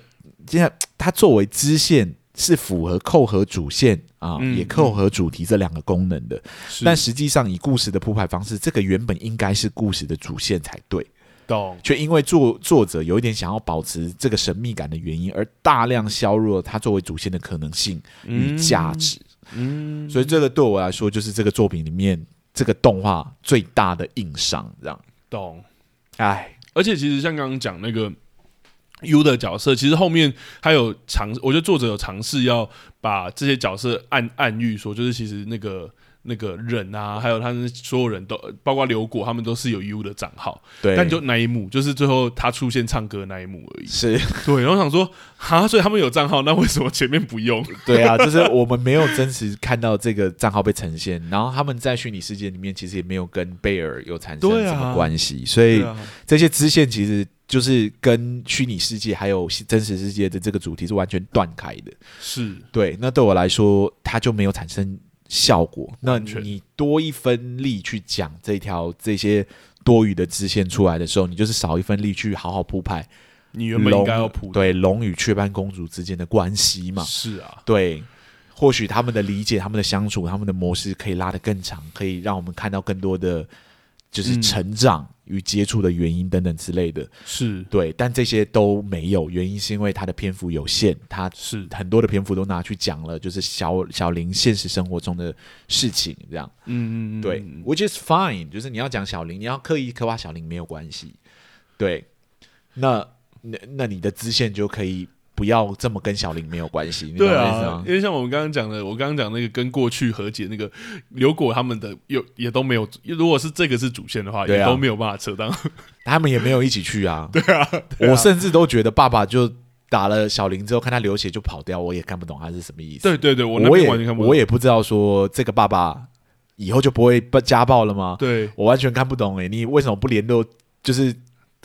現在它作為支線是符合扣合主線啊嗯嗯，也扣合主題這兩個功能的，但實際上以故事的鋪排方式，這個原本應該是故事的主線才對。懂，卻因為作作者有一點想要保持這個神秘感的原因，而大量削弱了他作為主線的可能性與價值嗯。嗯，所以這個對我來說，就是這個作品裡面這個動畫最大的硬傷。這樣，懂。哎，而且其實像剛剛講那個 U 的角色，其實後面他有嘗，我覺得作者有嘗試要把這些角色暗暗喻說，說就是其實那個。那個人啊，還有他們所有人都包括劉果，他們都是有 U 的賬號。對，但就那一幕，就是最後他出現唱歌那一幕而已。是，對。然後想說啊，所以他們有賬號，那為什麼前面不用？對啊，就是我們沒有真實看到這個賬號被呈現， <laughs> 然後他們在虛擬世界裡面其實也沒有跟貝爾有產生什麼關係。啊，所以這些支線其實就是跟虛擬世界還有真實世界的這個主題是完全斷開的。是對。那對我來說，他就沒有產生效果，那你多一分力去講這條這些多餘的支線出來的時候，你就是少一分力去好好鋪排。你原本應該要鋪對龍與雀斑公主之間的關係嘛？是啊，對，或許他們的理解、他們的相處、他們的模式可以拉得更長，可以讓我們看到更多的。就是成長與接觸的原因等等之類的，嗯、是對，但這些都沒有原因，是因為他的篇幅有限，嗯、他是很多的篇幅都拿去講了，就是小小林現實生活中的事情這樣，嗯嗯嗯，對，which is fine，就是你要講小林，你要刻意刻畫小林沒有關係，對，那那那你的支線就可以。不要這麼跟小林沒有關係，對啊！因為像我們剛剛講的，我剛剛講那個跟過去和解那個，如果他們的又也都沒有，如果是這個是主線的話，啊、也都沒有辦法扯淡。他們也沒有一起去啊， <laughs> 啊。對啊，我甚至都覺得爸爸就打了小林之後，看他流血就跑掉，我也看不懂他是什麼意思。對對對，我也完全看不懂我，我也不知道說這個爸爸以後就不會被家暴了嗎？對，我完全看不懂、欸。哎，你為什麼不聯絡？就是。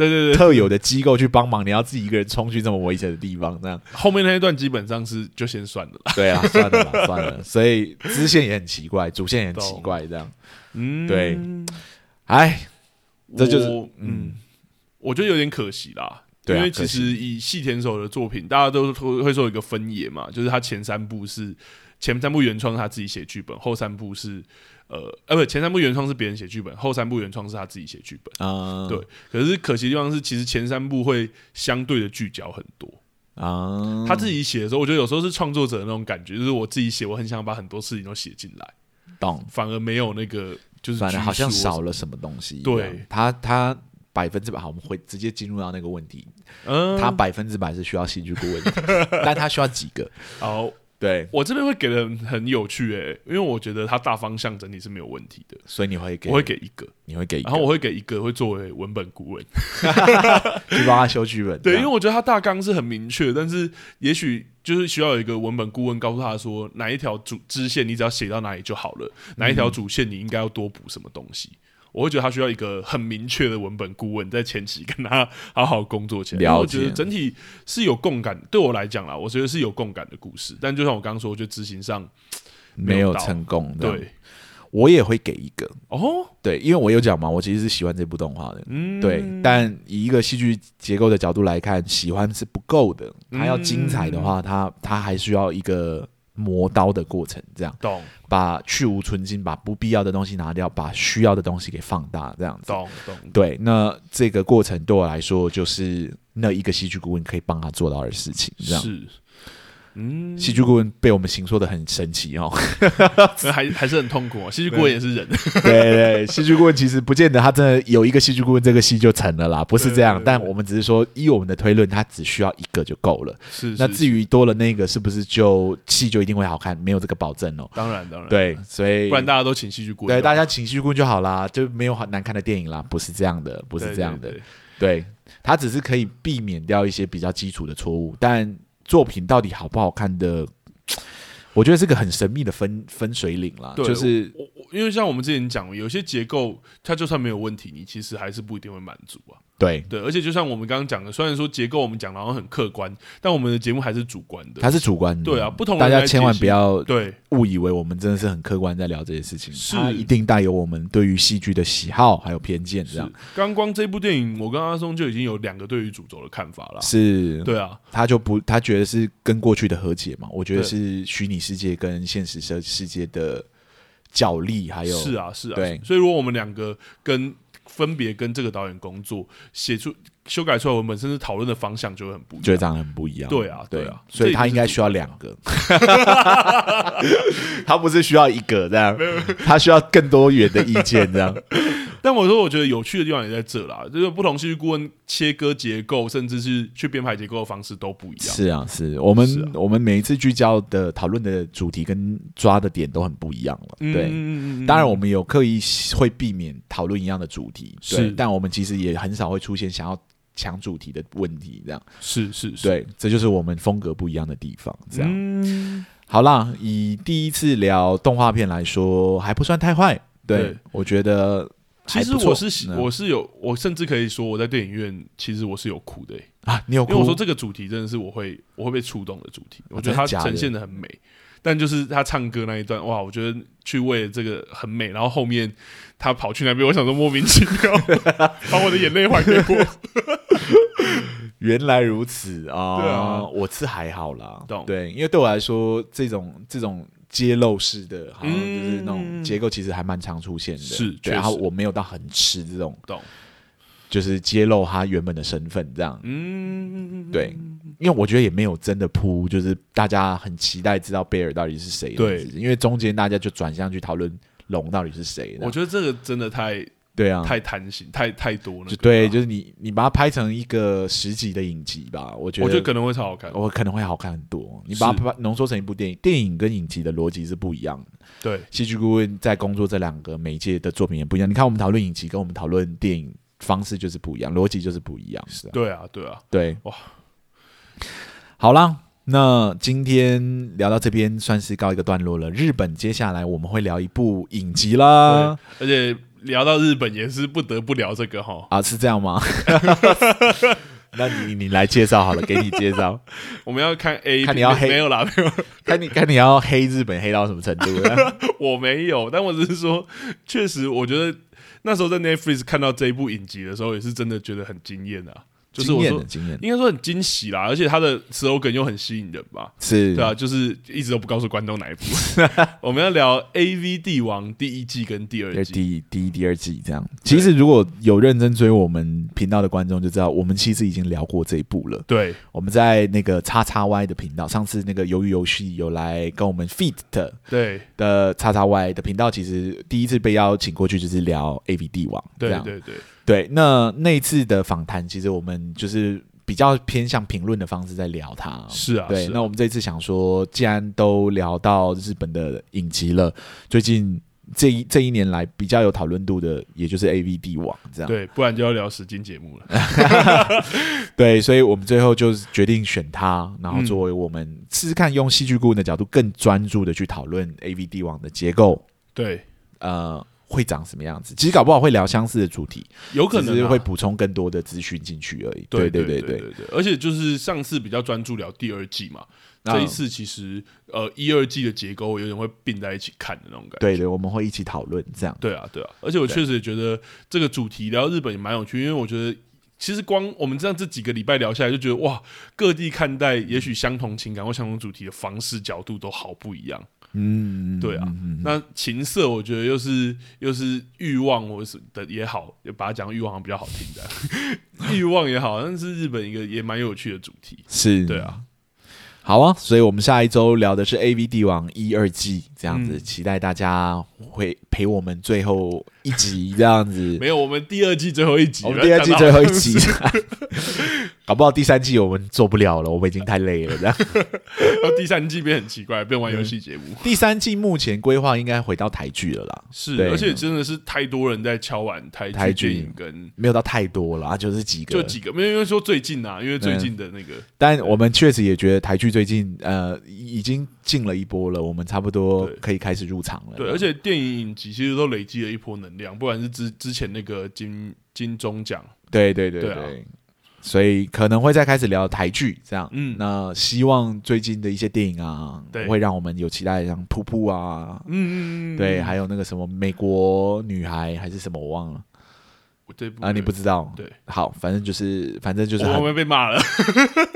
對對對，特有的機構去幫忙，嗯，你要自己一個人衝去這麼危險的地方，這樣後面那一段基本上是就先算了。對啊， <laughs> 算了啦 <laughs> 算了，所以支線也很奇怪，主線也很奇怪，這樣。嗯，對，哎，這就是嗯，我覺得有點可惜啦，對啊、因為其實以細田守的作品，啊、大家都會會說有一個分野嘛，就是他前三部是。前三部原創是他自己寫劇本，後三部是，呃，哎不，前三部原創是別人寫劇本，後三部原創是他自己寫劇本。啊、嗯，對。可是可惜的地方是，其實前三部會相對的聚焦很多啊、嗯。他自己寫的時候，我覺得有時候是創作者的那種感覺，就是我自己寫，我很想把很多事情都寫進來，懂？反而沒有那個，就是反而好像少了什麼東西。對，對他他百分之百好，我們會直接進入到那個問題。嗯，他百分之百是需要戲劇顧問的， <laughs> 但他需要幾個？哦。對我這邊會給的很有趣哎、欸，因為我覺得它大方向整體是沒有問題的，所以你會給，我會給一個，你會給，然後我會給一個會作為文本顧問，去幫他修劇本。對，因為我覺得他大綱是很明確，但是也許就是需要有一個文本顧問告訴他說哪一條主支線你只要寫到哪裡就好了，嗯、哪一條主線你應該要多補什麼東西。我會覺得他需要一個很明確的文本顧問，在前期跟他好好工作起來了解。我覺得整體是有共感，對我來講啦，我覺得是有共感的故事。但就像我剛剛說，就執行上沒有，沒有成功。對，我也會給一個哦，oh? 對，因為我有講嘛，我其實是喜歡這部動畫的，嗯，對。但以一個戲劇結構的角度來看，喜歡是不夠的，他要精彩的話，他、嗯、他還需要一個。磨刀的過程，這樣，把去蕪存菁，把不必要的東西拿掉，把需要的東西給放大，這樣子，懂懂。對，那這個過程對我來說，就是那一個戲劇顧問可以幫他做到的事情，這樣。是。嗯，戲劇顧問被我們形說的很神奇哦，還還是很痛苦哦。戲劇顧問也是人， <laughs> 對，對對，戲劇顧問其實不見得他真的有一個戲劇顧問這個戲就成了啦，不是這樣。對對對對，但我們只是說依我們的推論，他只需要一個就夠了。是，是，那至於多了那個是不是就戲就一定會好看？沒有這個保證哦。當然，當然，啊，對，所以不然大家都請戲劇顧問，對，大家請戲劇顧問就好啦，就沒有很難看的電影啦。不是這樣的，不是這樣的，對、對、對、對他只是可以避免掉一些比較基礎的錯誤，但作品到底好不好看的，我覺得是個很神秘的分分水嶺啦。就是我，我，因為像我們之前講，有些結構它就算沒有問題，你其實還是不一定會滿足啊。對對，而且就像我們剛剛講的，雖然說結構我們講得好像很客觀，但我們的節目還是主觀的，它是主觀的。對啊，不同的大家千萬不要對誤以為我們真的是很客觀在聊這些事情，是他一定帶有我們對於戲劇的喜好還有偏見這樣。剛光這部電影，我跟阿松就已經有兩個對於主軸的看法了。是，對啊，他就不他覺得是跟過去的和解嘛，我覺得是虛擬世界跟現實世界的角力，還有是啊是啊，對。所以如果我們兩個跟分別跟這個導演工作，寫出、修改出來文本，甚至討論的方向就會很不一樣，就這樣很不一樣。對啊，對啊，對，所以他應該需要兩個， <laughs> 他不是需要一個這樣， <laughs> 他需要更多元的意見這樣。 <laughs> <laughs> 但我說，我覺得有趣的地方也在這啦，就是不同戲劇顧問切割結構，甚至是去編排結構的方式都不一樣。是啊，是我們是、啊、我們每一次聚焦的討論的主題跟抓的點都很不一樣了。對，嗯、當然我們有刻意會避免討論一樣的主題。嗯對，是，但我們其實也很少會出現想要搶主題的問題。這樣是是是，對，這就是我們風格不一樣的地方。這樣、嗯、好啦，以第一次聊動畫片來說，還不算太壞。對、欸、我覺得。其實我是我是有、嗯，我甚至可以說我在電影院，其實我是有哭的、欸啊、你有哭因為我說這個主題真的是我會我會被觸動的主題、啊的的，我覺得他呈現得很美、嗯，但就是他唱歌那一段哇，我覺得去為了這個很美，然後後面他跑去那邊，我想說莫名其妙， <laughs> 把我的眼淚還給我。 <laughs> <laughs> 原來如此、呃、對啊！我是還好啦，Don't. 對，因為對我來說這種這種。這種揭露式的，好像就是那種結構，其實還蠻常出現的，嗯，對。是，然後我沒有到很吃這種，就是揭露他原本的身份這樣。嗯，對，因為我覺得也沒有真的鋪，就是大家很期待知道貝爾到底是誰。對，因為中間大家就轉向去討論龍到底是誰。我覺得這個真的太。對啊，太貪心，太太多了，啊。對，就是你，你把它拍成一個十集的影集吧，我覺得我覺得可能會超好看，我可能會好看很多。你把它濃縮成一部電影，電影跟影集的邏輯是不一樣的。對，戲劇顧問在工作這兩個媒介的作品也不一樣。你看，我們討論影集跟我們討論電影方式就是不一樣，邏輯、嗯、就是不一樣。是啊，對啊，對啊，對。哇，好啦。那今天聊到這邊算是告一個段落了。日本接下來我們會聊一部影集啦，而且。聊到日本也是不得不聊這個哈啊，是這樣嗎？ <laughs> <laughs> 那你你來介紹好了，給你介紹。 <laughs> 我們要看 A，看你要黑沒有啦，沒有。 <laughs> 看你看你要黑日本黑到什麼程度啊？ <laughs> 我沒有，但我只是說，確實我覺得那時候在 Netflix 看到這一部影集的時候，也是真的覺得很驚豔的。就是我說，應該說很驚喜啦，而且他的 slogan 又很吸引人吧？是，對啊，就是一直都不告訴觀眾哪一部。 <laughs> <laughs> 我們要聊 A V 帝王第一季跟第二季第二，第一第一第二季這樣。其實如果有認真追我們頻道的觀眾就知道，我們其實已經聊過這一部了。對，我們在那個 X X Y 的頻道，上次那個魷魚遊戲有來跟我們 fit 的對的 X X Y 的頻道，其實第一次被邀請過去就是聊 A V 帝王。對對對。對，那那次的訪談，其實我們就是比較偏向評論的方式在聊它。是啊，對。是啊，那我們這次想說，既然都聊到日本的影集了，最近這一這一年來比較有討論度的，也就是 AV 帝王這樣。對，不然就要聊實境節目了。 <laughs> <laughs> 對，所以我們最後就決定選它，然後作為我們試試看用戲劇顧問的角度，更專注的去討論 AV 帝王的結構。對，呃。會長什麼樣子？其實搞不好會聊相似的主題，有可能會補充更多的資訊進去而已。對對對對對。而且就是上次比較專注聊第二季嘛，這一次其實呃一二季的結構有點會併在一起看的那種感覺。對對，我們會一起討論這樣。對啊對啊，啊、而且我確實也覺得這個主題聊日本也蠻有趣，因為我覺得其實光我們這樣這幾個禮拜聊下來，就覺得哇，各地看待也許相同情感或相同主題的方式角度都好不一樣。嗯，對啊、嗯，那情色我覺得又是又是慾望，或是的也好，也把它講慾望比較好聽的， <laughs> 慾望也好，那是日本一個也蠻有趣的主題，是對啊，好啊，所以我們下一周聊的是 AV 帝王一二季這樣子，嗯，期待大家會陪我們最後一集這樣子， <laughs> 沒有，我們第二季最後一集，我們第二季最後一集， <laughs> 搞不好第三季我們做不了了，我們已經太累了。然後 <laughs> 第三季變很奇怪，變 <laughs> 玩遊戲節目、嗯。第三季目前規劃應該回到台劇了啦，是，而且真的是太多人在敲碗台台劇影跟沒有到太多了，啊，就是幾個，就幾個，沒有，因為說最近啊，因為最近的那個，嗯、但我們確實也覺得台劇最近呃已經進了一波了，我們差不多可以開始入場了。對，對對而且電影影集其實都累積了一波能。兩，不然是之之前那個金金鐘獎，對對對對，對，啊、所以可能會再開始聊台劇這樣，嗯，那希望最近的一些電影啊，對，會讓我們有期待，像《瀑布》啊，嗯嗯嗯，對，還有那個什麼美國女孩還是什麼我忘了，啊，你不知道，對，好，反正就是反正就是後面被罵了，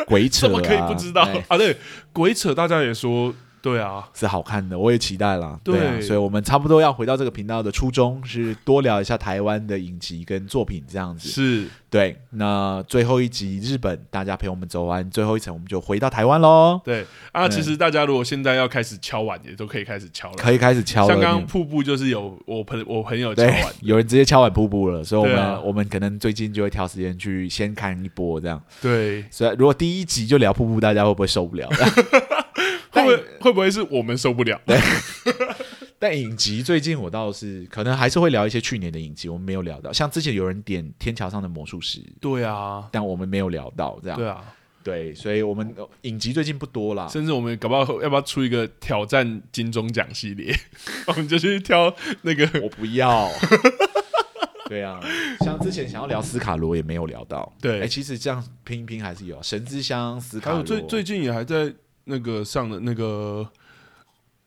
鬼扯、啊， <laughs> 怎麼可以不知道、哎？啊，對，鬼扯，大家也說。對啊，是好看的，我也期待了。對啊，所以，我們差不多要回到這個頻道的初衷，是多聊一下台灣的影集跟作品這樣子。是，對。那最後一集日本，大家陪我們走完最後一程，我們就回到台灣嘍。對，啊，對啊，其實大家如果現在要開始敲碗也都可以開始敲了。可以開始敲了。剛剛瀑布就是有我朋我朋友敲碗，有人直接敲碗瀑布了，所以我們、啊、我們可能最近就會挑時間去先看一波這樣。對。所以如果第一集就聊瀑布，大家會不會受不了？ <laughs> 會不會，會不會是我們受不了？對 <laughs> 但影集最近我倒是可能還是會聊一些去年的影集，我們沒有聊到，像之前有人點《天橋上的魔術師》，對啊，但我們沒有聊到這樣。對啊，對，所以我們、呃、影集最近不多啦，甚至我們搞不好要不要出一個挑戰金鐘獎系列？ <laughs> <laughs> 我們就去挑那個，我不要。 <laughs> 對啊，像之前想要聊斯卡羅也沒有聊到。對，哎、欸，其實這樣拼一拼還是有、啊、神之鄉斯卡羅最最近也還在。那個上的那個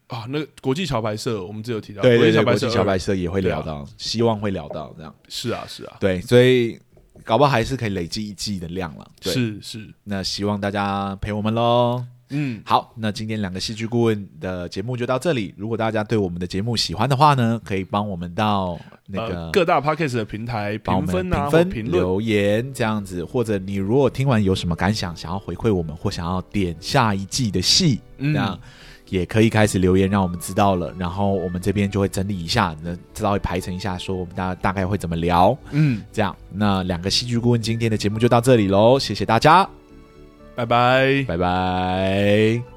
啊，那個國際橋牌社，我們只有提到對對對，國際橋牌社也會聊到，希望會聊到這樣。是啊，是啊，對，所以搞不好還是可以累積一季的量了。是是，那希望大家陪我們嘍。嗯，好，那今天兩個戲劇顧問的節目就到這裡。如果大家對我們的節目喜歡的話呢，可以幫我們到那個、呃、各大 podcast 的平台評分啊、評分、評論留言這樣子，或者你如果聽完有什麼感想，想要回饋我們，或想要點下一季的戲，這樣、嗯、也可以開始留言讓我們知道了。然後我們這邊就會整理一下，能知道會排成一下，說我們大家大概會怎麼聊，嗯，這樣。那兩個戲劇顧問今天的節目就到這裡嘍，謝謝大家。拜拜，拜拜。